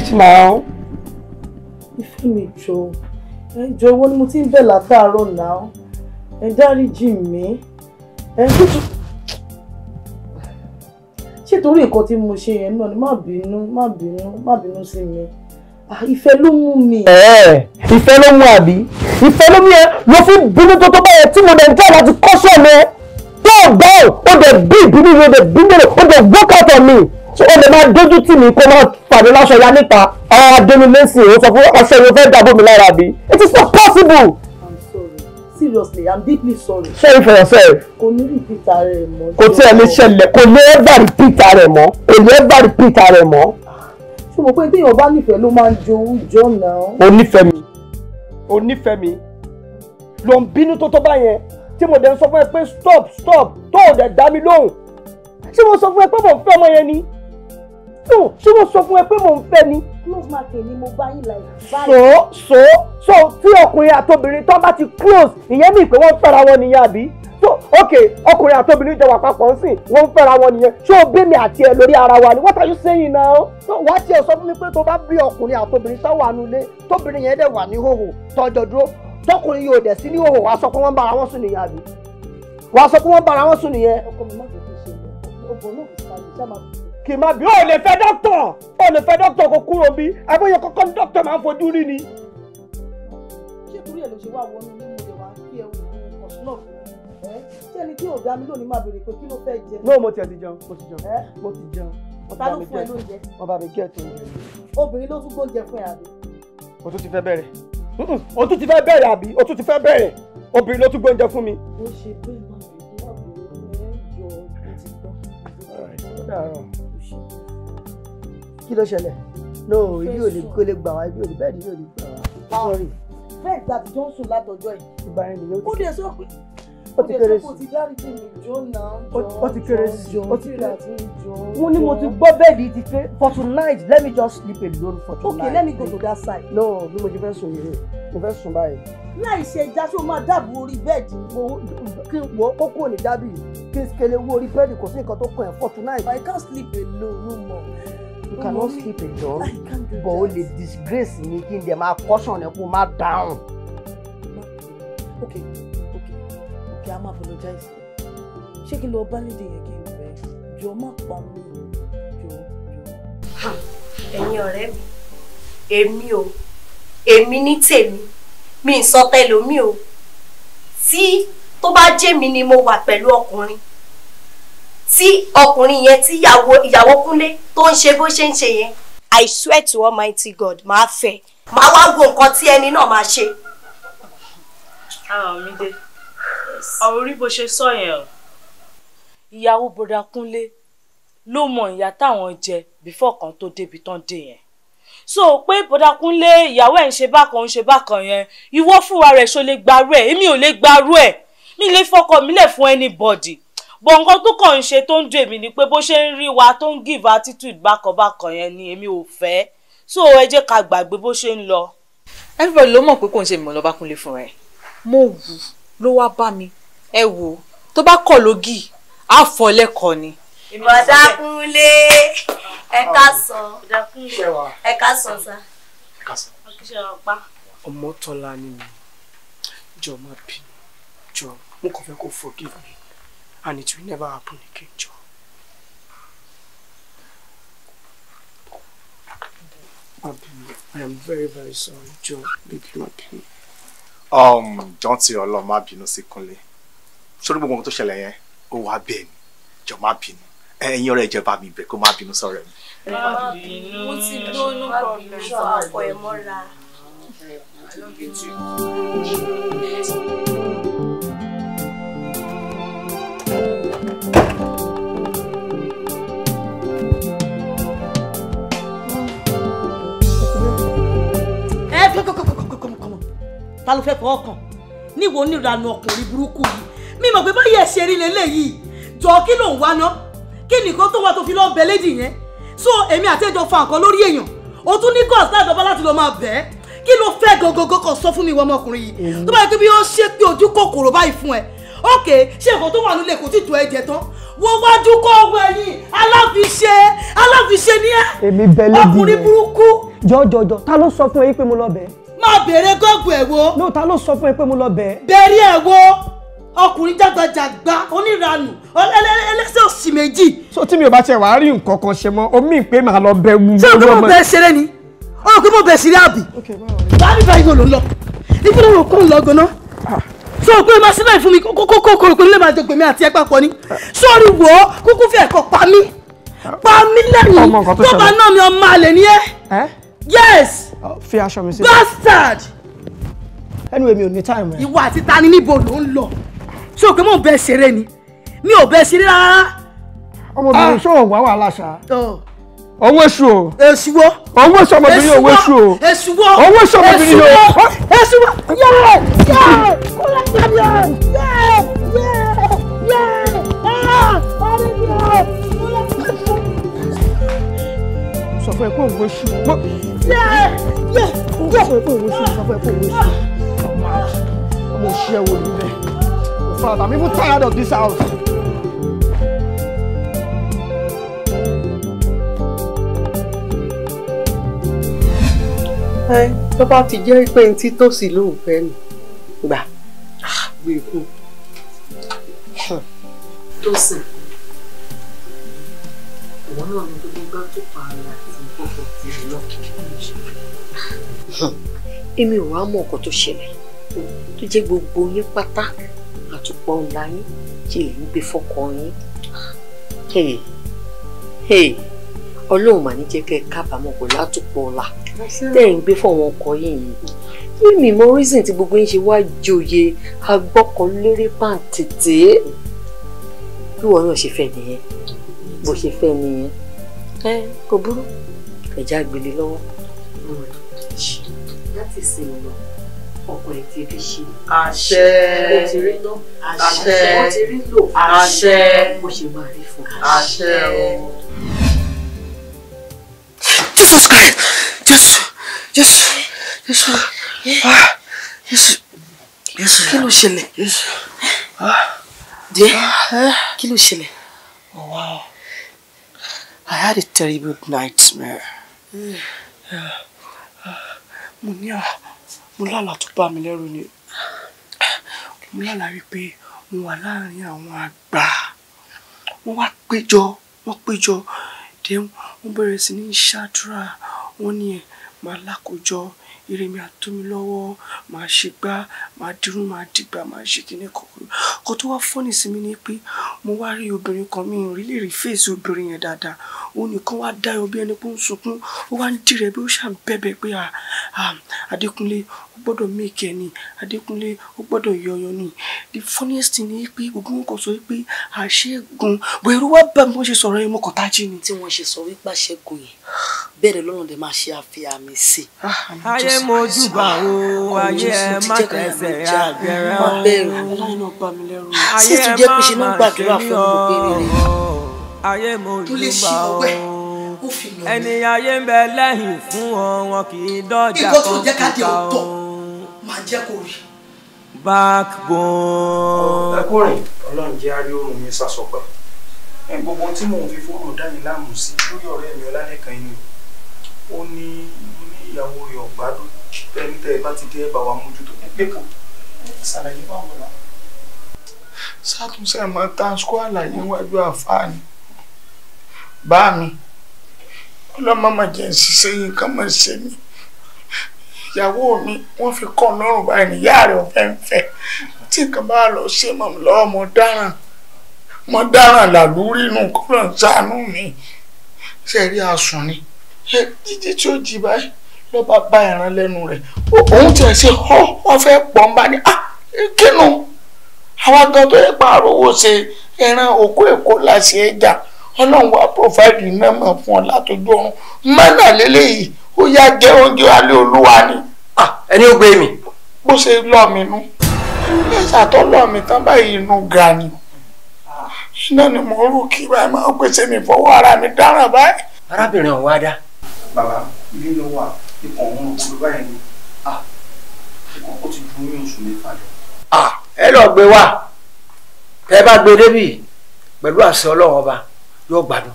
it now. Ìfẹ́ mi jọ, ẹ jọ owó ni mo ti ń bẹ̀ látàárọ̀ náà. Ẹ dáríjì mí. Ẹ tútù. Ṣé torí nǹkan tí mo ṣe yẹn náà ni má bínú má bínú má bínú sí mi? Ìfẹ́ ló mú mi. Ìfẹ́ ló mú àbí? Ìfẹ́ ló mú ẹ ló fi bínú tó tó báyẹn tí mo dẹ̀ ń tẹ̀ láti kọ́ṣọ́ mi. Tó o bá ò, o dẹ̀ bí ìbínú mi, o dẹ̀ bí mi, o dẹ̀ work out on me so ó lè máa dójú tì mí kó máa fàmí láṣọ ya níta ara dénú lẹ́sìn òun sọ fún ọṣẹ yìí fẹ́ dàbò mi lára bí it is not possible. I'm sorry. Seriously, I'm deeply sorry. Sorry for yourself. Kò ní repeat ara ẹ̀ mọ́. Kò tí ẹ lè ṣẹlẹ̀, kò ní ever repeat ara ẹ̀ mọ́, kò ní ever repeat ara ẹ̀ mọ́. Ṣé mo pé téèyàn bá nífẹ̀ẹ́ ló máa ń jowú ìjọ náà? Onífẹ́ mi. Onífẹ́ mi. Lọ ń bínú tó tó bá tí mo dẹ̀ ń sọ fún ẹ pé stop stop tó o dẹ̀ dá mi lóhùn. Ṣé mo sọ fún ẹ pé mo ń fẹ́ ọmọ yẹn ni? so ṣé mo sọ fún ẹ pé mò ń fẹ́ ni. close market ni mo bá yín láì. so so so tí ọkùnrin àtobìnrin tó bá ti close ìyẹn mi pé wọ́n fẹ́ra wọn nìyẹn àbí so ok ọkùnrin àtobìnrin jọ wà papọ̀ ń sìn wọ́n ń fẹ́ra wọn nìyẹn ṣé o bí mi àti ẹ lórí ara wa ni what are you saying now. so wá tiẹ̀ sọ fún mi pé tó bá bí ọkùnrin àtobìnrin sáwọ́ ànulẹ̀ tóbìnrin yẹn dẹ̀ wà ní hòhò tọ́jọ́ dúró tọkùnrin yóò dẹ̀ sí ní hòhò wàá sọ pé wọ́n bára wọn sùn nìyẹn àbí wàá sọ pé wọ́n bára wọn sùn nìyẹn. ọkọ mi má ti fi ṣe ọgbọ̀n náà kò kì í má bí ó fẹ́ dọ́kítọ̀ ó fẹ́ dọ́kítọ̀ kó kúrò bí abóyè kọ́kọ́ ní dọ́kítọ̀ máa ń fojú rí ni. ṣé torí ẹ̀ ló ṣe wá wọnú ní mo lè kí ẹ wò ọ̀sùn náà fún mi ṣé ẹni tí òògùn amílò ní máa béèrè pé kí ló fẹ́ jẹ. náà mo ti ti jẹun mo ti jẹun mo ti jẹun ọ̀tá ló fún ẹ lóúnjẹ. wọ́n bá mi kí ẹ̀ oúnjẹ. obìnrin ló tún gbóúnjẹ fún ẹ àbí. o tún ti fẹ́ bẹ̀rẹ̀ o tún ti fẹ́ bẹ̀rẹ̀ àbí o tún ti fẹ́ bẹ̀rẹ̀ obìnrin ló tún gbóúnjẹ fún mi. ó ṣe pé màmí ìwádìí ẹ̀ yọ ojú ti gbọ́. ó dàrọ̀ kí ló ṣẹlẹ̀ no ibi ò lè kó lè gbà wá ibi ò lè bẹ́ẹ̀ ni ibi ò lè gbà wá ah. sorry. bẹ́ẹ̀ gbà tí johnson látọjọ́ yìí. ìgbà yẹn nìyẹn ó ti kéré sí ó ti kéré sí ó ti kéré sí ó ti kéré sí wọ́n ní mo ti gbọ́ bẹ́ẹ̀dì ti pé for tonight let me just sleep alone for tonight. okay let me go to that side. no bí mo ti fẹ́ sùn yìí mo fẹ́ sùn báyìí. láì ṣe ìjà tó máa dáàbò orí bẹ́ẹ̀dì. kí n wọ ó kúrò ní dábì kí n kele wo orí bẹ́ẹ̀dì kò sí nǹkan tó kàn ẹ́ for tonight. i can't sleep alone no more cannot oh, sleep ẹjọ́ but o lè disgrace mi kí n dẹ̀ máa caution ẹ kó má dáhùn. okay. ok ok i'm apologize ṣé kí n lọ bá lédè yẹn kí n rẹ jọ Emi, pa mí jọ jọ. ẹ̀yin ọ̀rẹ́ mi èmi o èmi ní tèmi mi ì sọ tẹ́lómi o tí tó bá jẹ́ mi ni mo wà pẹ̀lú tí ọkùnrin yẹn tí ìyàwó ìyàwó Kúnlé tó ń ṣe bó ṣe ń ṣe yẹn. I swear to Almighty God máa fẹ́. máa wá wo nǹkan tí ẹni náà máa ṣe. Ah, àwọn mi dé ọ̀rọ̀ orí bó ṣe sọ yẹn o. ìyàwó bọ̀dà Kúnlé ló mọ ìyá táwọn jẹ bífọ̀ kan tó débi tán dé yẹn so pé bọ̀dà Kúnlé ìyàwó ẹ̀ ń ṣe bákan ń ṣe bákan yẹn ìwọ fúnra rẹ̀ ṣo lè gbarú ẹ̀ èmi ò lè gbarú ẹ̀ mi lè fọkọ mi lẹ̀ fún anybody bọ̀ nǹkan tó kàn ń ṣe tó ń dùn èmi ni pé bó ṣe ń rí wa tó ń give attitude bákanbákan yẹn ni èmi ò fẹ́ so ẹ jẹ́ ká gbàgbé bó ṣe ń lọ. everybody ló mọ̀ pé kò ń ṣe mi mọ̀ lọ́ba kúnlé fún rẹ̀ mo wù ló wá bá mi ẹ wò ó tó bá kọ̀ lógì á fọ lẹ́kọ̀ọ́ ni. ìmọ̀dá kúnlé ẹ ká sàn ẹ ká sàn ọmọ tọ́lá ni mi jọ máa bí jọ mo kàn fẹ́ kó forgive me and it will never happen again, Joe. I am very, very sorry, Joe. Big my Um, don't say a lot, sí Kúnlé. Sórí gbogbo ohun tó ṣẹlẹ̀ yẹn, ó wá bẹ́ẹ̀ ni. Jọ̀ọ́ má bínú. Ẹ̀yin ọ̀rẹ́ ìjọba mi bẹ̀ kó má bínú sorry. mi. Má bínú. Mo ti I love you too. ta ló fẹ́ fọwọ́ kàn níwò oníranú ọkùnrin burúkú yìí mi mọ̀ pé báyìí ẹ̀ ṣe rí leléyìí jọ kí ló ń wá ná kí nìkan tó wá tó fi lọ́ọ́ bẹ lédì yẹn so èmi àtẹ́jọ́ fa nǹkan lórí èèyàn o tún ní gọ́ọ̀sì láì dọ́bá láti lọ́ọ́ máa bẹ̀ ẹ́ kí ló fẹ́ gọgọgọ kan sọ fún mi ìwọ ọmọkùnrin yìí tó bá yẹ kí bí ó ṣe pé ojú kòkòrò báyìí fún ẹ ókè ṣé nǹkan tó wà nílé kò tí tó ẹ jẹ tán wo wájú kó owó ẹ̀yìn aláfiṣe aláfiṣe ní ẹ ọkùnrin burúkú. jọjọjọ ta ló sọ fún ẹ yìí pé mo lọ bẹ̀ máa bèrè gógùn ẹ̀ wo. ní òta ló sọ fún ẹ pé mo lọ bẹ̀ ẹ́. bẹ̀rí ẹ̀ wo ọkùnrin jágbajàgba oníranù ẹlẹ́sẹ̀ òsì méjì. so tí mi ò bá tiẹ̀ wàá rí nǹkan kan ṣe mọ́ omi ìpè máa lọ bẹ wú. ṣé o kò mọ bẹ ṣeré ni o kò mọ bẹ ṣeré àbí. wàá bí báyìí ló ń lọ ibi náà kò ń lọ gan-an sọ ah. pé máa sílẹ̀ fún mi kókó kókó kó lè máa jẹ gbèmí àti ẹgbẹ́ pọ̀ ni sọ́ọ́rì wò ó kúkú fẹ́ẹ̀ kọ́ pa mí ah. pa mí lẹ́yìn tó bá ná mi ọmọ àlè ni ẹ́ yes. fi aṣọ mi sí. bastard. anyway mi ò ní time rẹ. ìwà àti tani níbo ló ń lọ ṣé o pé mò ń bẹ ṣeré ni mi ò bẹ ṣeré rárá. ọmọbìnrin ah! ṣé òun wá wàhálà ṣá. Oh. owó èṣù o. èṣù wo. owó èṣù ọmọbìnrin owó èṣù o. èṣù wo. owó èṣù ọmọbìnrin o. èṣù wo. yẹ́ẹ̀ yẹ́ẹ̀ kúlẹ̀ yẹ́ẹ̀ yẹ́ẹ̀ yẹ́ẹ̀ yẹ́ẹ̀ ọ̀rẹ́ mi ò. sọ fún ẹ pé òun èṣù yẹ yẹ yẹ. o fún ìwé sùn o fún ìwé sùn ọmọ ọmọ òṣìṣẹ́ wo ni bẹ́ẹ̀ o father I'm even tired of this house. ẹ tó bá ti jẹ́ to ní títòsí lòun fẹ́ nù gbà gbé kú. tó sìn òun náà ni gbogbo gbá tó pa ara èmi ò wá mọ ọkọ tó ṣẹlẹ̀ tó jẹ́ gbogbo yín pátá àtùpọ̀ ńlá yín ṣe lè ń gbé fọkọ yín ọlọ́run mà ní jẹ́ kẹ́ kábàámọ̀ pẹ̀lú àtùpọ̀ ọ̀la tẹ́ ń gbé fọ̀wọ́n ọkọ yín yìí mímì mọ reason tí gbogbo yín ṣe wá joyè agbọ́kọlérè pàǹtẹ̀tẹ̀ bí wọn náà ṣe fẹ́ nìyẹn bó ṣe fẹ́ nìyẹn ẹ kò burú ẹ̀já gbélé lọ́wọ́ kejì láti sìn lọ ọkọ ẹ ti rí ṣe àṣẹ ó ti rí ná àṣẹ ó ti rí lò àṣẹ bó ṣe máa rí fún àṣẹ o. Jesus Christ Jésù Jésù Jésù Jésù Jésù kí ló ṣẹlẹ̀ Jésù ah. díẹ̀ eh? kí ló ṣẹlẹ̀. Oh wow I had a terrible nightmare. Mm. Yeah mo ní à ah, mo lálàá tó bá mi lẹ́rù ni mo lálàá wípé mo wà láàrin àwọn àgbà wọ́n wá péjọ wọ́n péjọ dé wọ́n bẹ̀rẹ̀ sí ní ṣàdúrà wọ́n ní ẹ̀ máa lákòjọ ire mi àtómi lọ́wọ́ màá ṣe gbá màá dirú màá dìgbà màá ṣe kíní kọ̀ọ̀kan kó tó wá fọ́nì sí mi ni pé mo wá rí obìnrin kan mi rí lè rí fèsì obìnrin yẹn dáadáa òun nìkan wá dá ẹbí ẹni pé ó ń sunkún ó wá ń dìrẹ̀ bí ó ṣàn bẹ̀bẹ̀ pé Adékúnlé gbọ́dọ̀ make ẹ ni Adékúnlé ó gbọ́dọ̀ yọyọ ni the funniest thing ni pé gbogbo sọ pé àṣegun bọ̀ ẹ̀rù wá bá mi ṣe sọ̀rọ̀ yẹn mo kàn tájí ni. tí wọ́n ṣe sọ wípé àṣegun yẹn bẹ́ẹ̀ lọ́rùn dẹ̀ máa ṣe àfihàn sí. Ah, ayé mojú oh, bá o ayé ẹ má tẹsẹ̀ àgbẹ̀rẹ̀ o ayé ẹ má má ṣe o ayé mojú bá o ẹni ayé ń bẹ lẹ́yìn fún wọn wọn kì í dọ́jà kọ́ńtà o máa jẹ́ kó rí. backbone. ẹ kó rìn ọlọ́run jẹ́ àrí oorun mi sàṣọpẹ́ gbogbo tí mò ń fi fóònù dá mi láàmú sí lórí ọ̀rẹ́ mi ọlálẹ́kan yìí ó ní ìyàwó rẹ̀ ọ̀gbádùn ẹni tẹ́ ẹ bá ti dé ẹ bá wa mójútó ẹgbẹ́ kan ṣàlàyé báwọn náà sátúnṣe mọ tásíkò àlàyé wájú àfáàní bá mi ọlọmọ mà jẹ́ ṣiṣẹ́ yìí kàn mọ ṣe mí ìyàwó mi wọ́n fi kọ́ lọ́rùn báyìí níyà rẹ̀ ọ̀fẹ́ ń fẹ́ tí nǹkan bá lọ ṣe mọ̀ lọ́wọ́ mo dáràn mo dáràn làlúrí inú kọ́lọ̀ ń mi ṣe rí asùn ni jíjí tí ó jí báyìí ló bá bá ẹran lẹ́nu rẹ̀ òun tiẹ̀ ṣe họ́ wọ́n fẹ́ pọ̀ ń bá ní à ah, kínú àwa gan tó yẹ pààrọ̀ owó ṣe ẹran òkú èkó la ṣe é wa provide mẹ́mọ̀ fún ọ látọjú ọ̀run mọ́nà lélẹ́yìí ó yá jẹ oúnjẹ alẹ́ olúwa ni. ẹni ó gbé mi. bó ṣe lọ mi nú ẹ̀sà tó lọ mi tán báyìí inú ga ni iná ni mo rú kí báyìí máa pèsè mi fọwọ́ ara mi dáràn báyìí. arábìnrin ọ̀hún wá dá. bàbá ilé ló wà ikọ̀ ọ̀hún ló kúrò báyìí ni ikọ̀ ó ti dúró ní oṣù mẹ́fà lọ. ẹ lọ gbé wá tẹ bá gbé débì pẹ̀lú àṣẹ ọlọ́run ọba yóò gbádùn.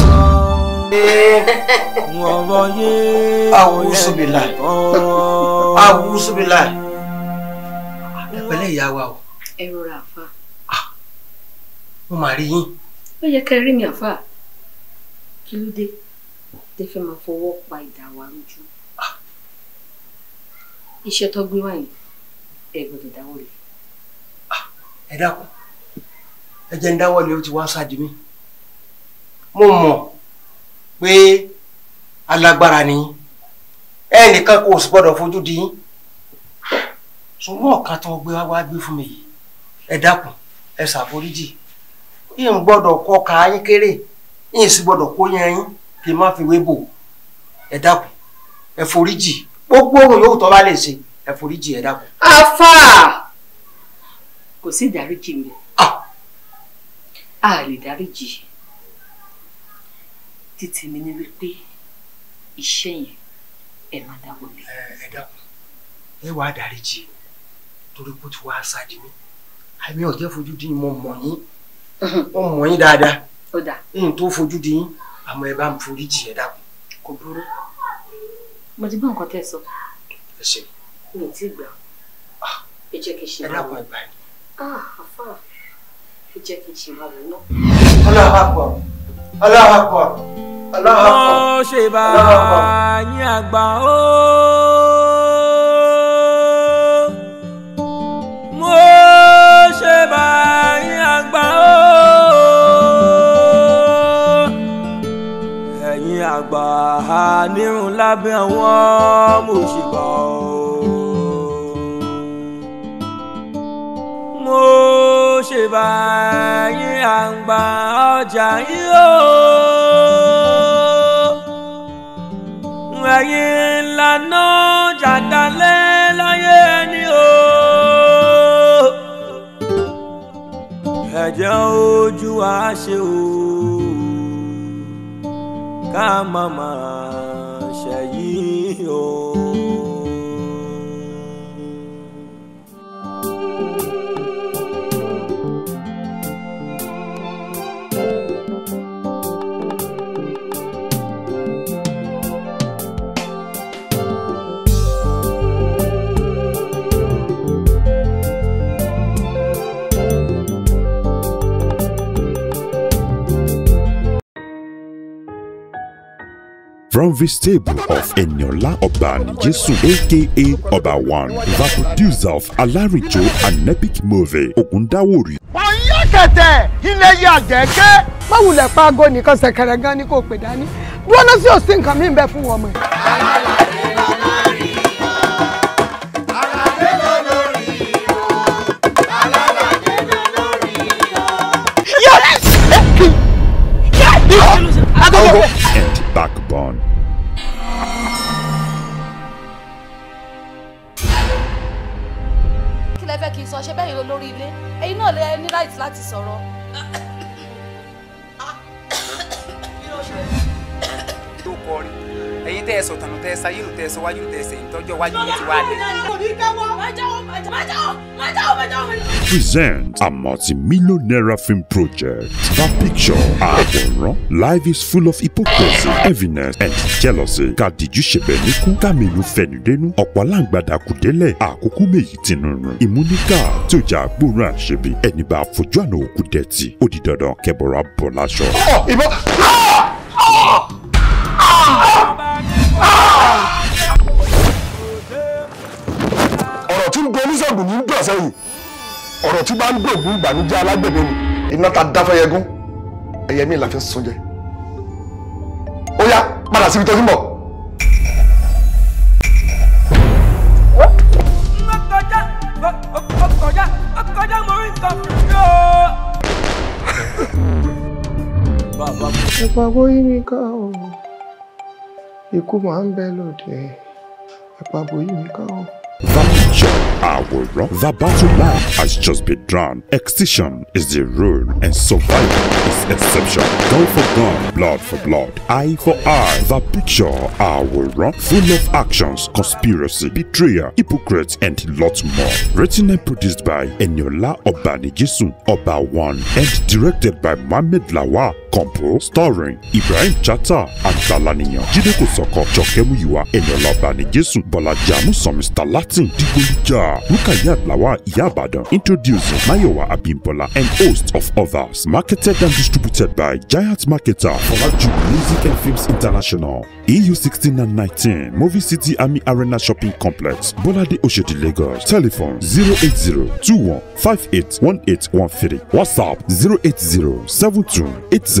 awusubila awusubila pẹ̀lẹ́ ìyá wa o. ẹ rọra àfa. mo máa rí yín. ó yẹ kẹ́ rí mi àfa kí ló dé tẹ́ fẹ́ máa fọwọ́ pa ìdá wa lójú. iṣẹ́ tó gbé wáyé ẹ gbọ́dọ̀ dáwọ́ lé. ẹ dákun ẹ jẹ́ ń dáwọ́ lé ó ti wá ṣáàjì mi mo mọ̀. pé alágbára ni ẹnìkan kò sì gbọdọ fojú di yín ṣùgbọ́n tó gbé wá gbé fún mi yìí ẹ dákun ẹ ṣàforíjì yìí n gbọdọ kọ ka yín kéré yìí sì gbọdọ kó yẹn yín kì í má fi wébò ti tèmi ni wípé iṣẹ́ yẹn ẹ máa dáwọ́ lé. ẹ dákun ẹ wàá dáríjì torí kó ti wá sáàdì mi àmì ọ̀jẹ́ fojú di mo mọ̀ yín mo mọ̀ yín dáadáa ẹ̀yìn tó fojú di yín àmọ́ ẹ bá ń foríjì ẹ dákun. kò burú mo ti gbọ́ nǹkan tẹ́ ẹ sọ. ẹ ṣe. mi ò tí ì gbà ah. ẹ jẹ́ kí n ṣe. ẹ dákun ẹ gbà yín. Ah, àfa ẹ jẹ́ kí n ṣe ìwà rẹ̀ náà. Allahu Akbar Allahu Akbar wọ́n ṣe bá yín àgbà ó. mo ṣe bá yín àgbà ó. ẹ̀yin àgbà nírun lábẹ́ wọn mo ṣe bá ó. mo ṣe bá yín àgbà ọjà yìí ó. ẹ̀yin lànà jàdálẹ̀ láyé ẹni o. ẹ̀jẹ̀ ojú wa ṣe o ká má má ṣẹ̀yìn o. From Venerable of Eniola Obanijesu, aka Oba One, the producer of Alarijo, an epic movie, Ogundawori. Wọ́n yọ ilé yẹ àjẹ́kẹ́. Báwo lẹ̀ pa aago nìkan ṣẹ̀kẹ̀rẹ̀ gan ni kò pè dání? Dúró lọ sí nǹkan mi bẹ fún wọn mọ̀. lórí ilé ẹ̀yin náà lè ní láìsí láti sọ̀rọ̀. tó kọrin ẹ̀yin tẹ́ ẹ sọ̀tàn nù tẹ́ ẹ sayé nù tẹ́ wájú nù tẹ́ ẹ wájú nù ti wá Present a multi-million naira film project. That picture, àwòrán, life is full of hypocrisy, heaviness and jealousy. Kàdìjú ṣẹ̀bẹ̀ níkú, kàmìlú fẹ̀nùdẹ́nu, ọ̀pọ̀ aláǹgbàdà kùdélẹ̀, àkókò méjì tinúrun. Ìmúníkà tí ò jà gbóòórùn àṣebí, ẹni bá fojú àná òkú dẹ̀ ti, ó di dandan kẹbọ̀rọ̀ abọ̀ láṣọ. Ìbọn! ọ̀rọ̀ tí bá ń gbòògùn ìbànújẹ́ alágbẹ̀dẹ ni. iná ta dáfẹ́ yẹgún ẹyẹ mi làfi ń sunjẹ ó yá padà síbi tó ń bọ̀. ọkọjá ọkọjá mo rí nǹkan yìí ká o ikú máa ń bẹ lóde ìpàgọ́ yìí ká o. Àwòrán. The battle line has just been drawn. Extinction is the rule and survival is exception. Gun for gun, blood for blood, eye for eye. The picture, our Àwòrán, full of actions, conspiracy, betrayal, hypocrites, and lots more. Written and produced by Eniola Obanijisun Oba One and directed by Mohammed Lawal. Kànpó starring Ibrahim Chata àgbàlànìyàn Jídé Kòsọ́kọ́ Jọkẹ́ Múyìwá Ẹ̀yàn Lọ́bàní Jésù Bọ́lájí Àmúsàn Mr Latin Dígbòlújà Rúkàyé Àdìláwà Ìyá Ìbàdàn introducing Máyọ̀wá Abimbola and host of others marketed and distributed by Giant Marketer Fọlájú Music and Films International EU sixteen and nineteen Movie City Army Arena Shopping Complex Bọ́ládé Oshodi Lagos telephone zero eight zero two one five eight one eight one three WhatsApp zero eight zero seven two eight zero.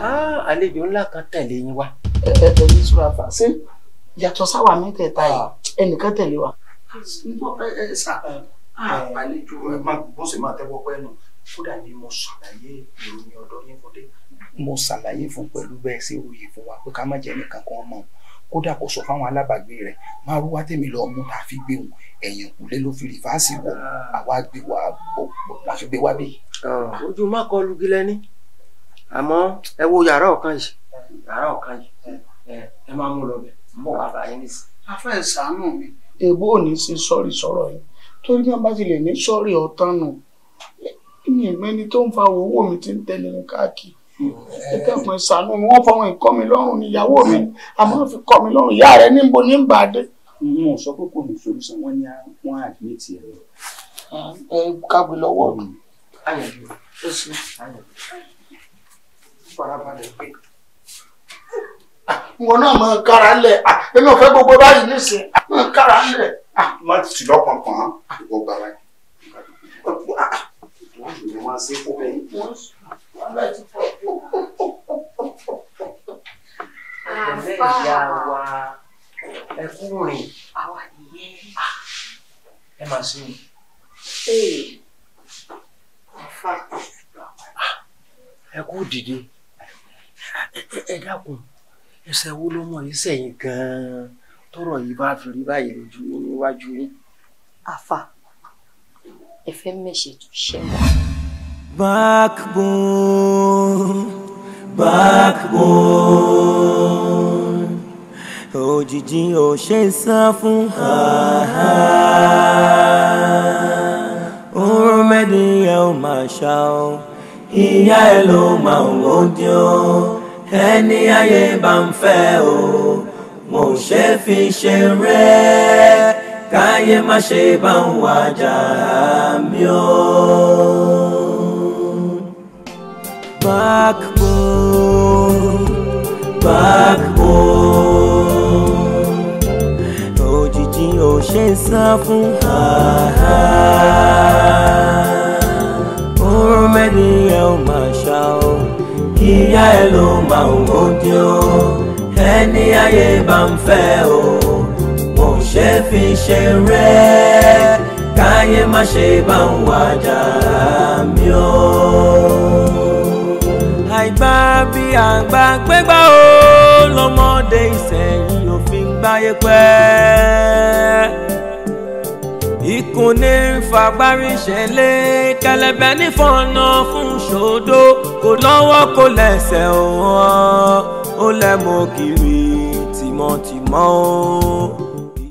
Ah, àlejò ńlá kan tẹ̀lé yín wá. ẹ ẹ ẹyin sùràfà ṣé yàtọ̀ sáwà mẹ́tẹ̀ẹ̀ta yìí ah. ẹnìkan tẹ̀lé wa. ẹ ẹ sà ah. àlejò ẹ má bó ṣe máa tẹ́wọ́ pẹ́ nù kódà ni mo ṣàlàyé ìròyìn ọ̀dọ́ yín fún dé. mo ṣàlàyé fún pẹ̀lú bẹ́ẹ̀ ṣe òye fún wa pé ká má jẹ́ nìkan kan mọ̀ kódà kò sọ fáwọn alábàgbé rẹ̀ máa rú wá tèmi lọ mú tá a gbé wọn ẹ̀yìn kùlé ló fi rìfáàsì wọ àwa gbé wa bọ la fi gbé wa bí. ojú má kọlu lugi ni àmọ́ ẹ wo yàrá ọ̀kan yìí yàrá ọ̀kan yìí ẹ máa mú lọ bẹ̀ ń bọ̀ wá bá yín nísìn. a fẹ́ ṣàánú mi. ègbó ò ní ṣe sọ́ọ̀rì sọ̀rọ̀ yìí torí náà bá ti lè ní sọ́ọ̀rì ọ̀tán nù ní ìmẹ́ni tó ń fa owó mi ti ń tẹ̀lé mi káàkiri ẹ̀tẹ̀kùn ìṣàánú mi wọ́n fọwọ́n ìkọ́ mi lọ́rùn ni ìyàwó mi àmọ́ fi kọ́ mi lọ́rùn ìyá rẹ níbo ní bàdé. wọn ò sọ pé kò ní sori san wọn ní wọn àdìmẹ́tì rẹ. ẹ kágbé lọ́wọ́ mi. ayọ̀ ló ṣe ayọ̀ farabalẹ̀ pé wọn náà máa kára lẹ̀ èmi ò fẹ́ gbogbo báyìí nísìn máa kára lẹ̀. má ti tì lọ́pọ̀npọ̀n ìwọ gbàrà yìí. wọ́n á ṣe fún mi. wọ́n á ti fọ́. àbẹ́ ìyá wa ẹ kúrò rìn. àwa nìyẹn. ẹ máa ṣe mi. ẹ kú dìde ẹ dákun ẹsẹ̀ wo ló mọ̀ ẹsẹ̀ yìí gan tọrọ yìí bá fi rí báyìí lójú níwájú yín. àfà ẹ fẹ́ tó ṣẹ́ wá. backbone backbone òjijì ò ṣe é sá fún òun mẹ́rin ẹ̀ ìyá ẹ̀ ló máa ń wọ́n dé o ẹni ayé bá ń fẹ́ o mo ṣe fi ṣeré káyé má ṣe bá ń wájà mi o. backbone backbone òjijì ò ṣe ń sá fún ha. oorun ìyá ẹ ló máa ń mọdí o ẹni ayé bá ń fẹ́ o mo ṣe fi ṣeré káyé má ṣe bá ń wájà mi o. lomode bí àgbà gbégbá yekwe. lọ́mọdé ìsẹ̀yìn òfin gbáyé pẹ́ ìkùnì fagbárí ṣẹlẹ̀ kẹlẹbẹ nífọ̀nà fún ṣòdo kò lọ́wọ́ kò lẹ́sẹ̀ òun ó lẹ́mọ̀ kiri tìmọ̀tìmọ̀ ó.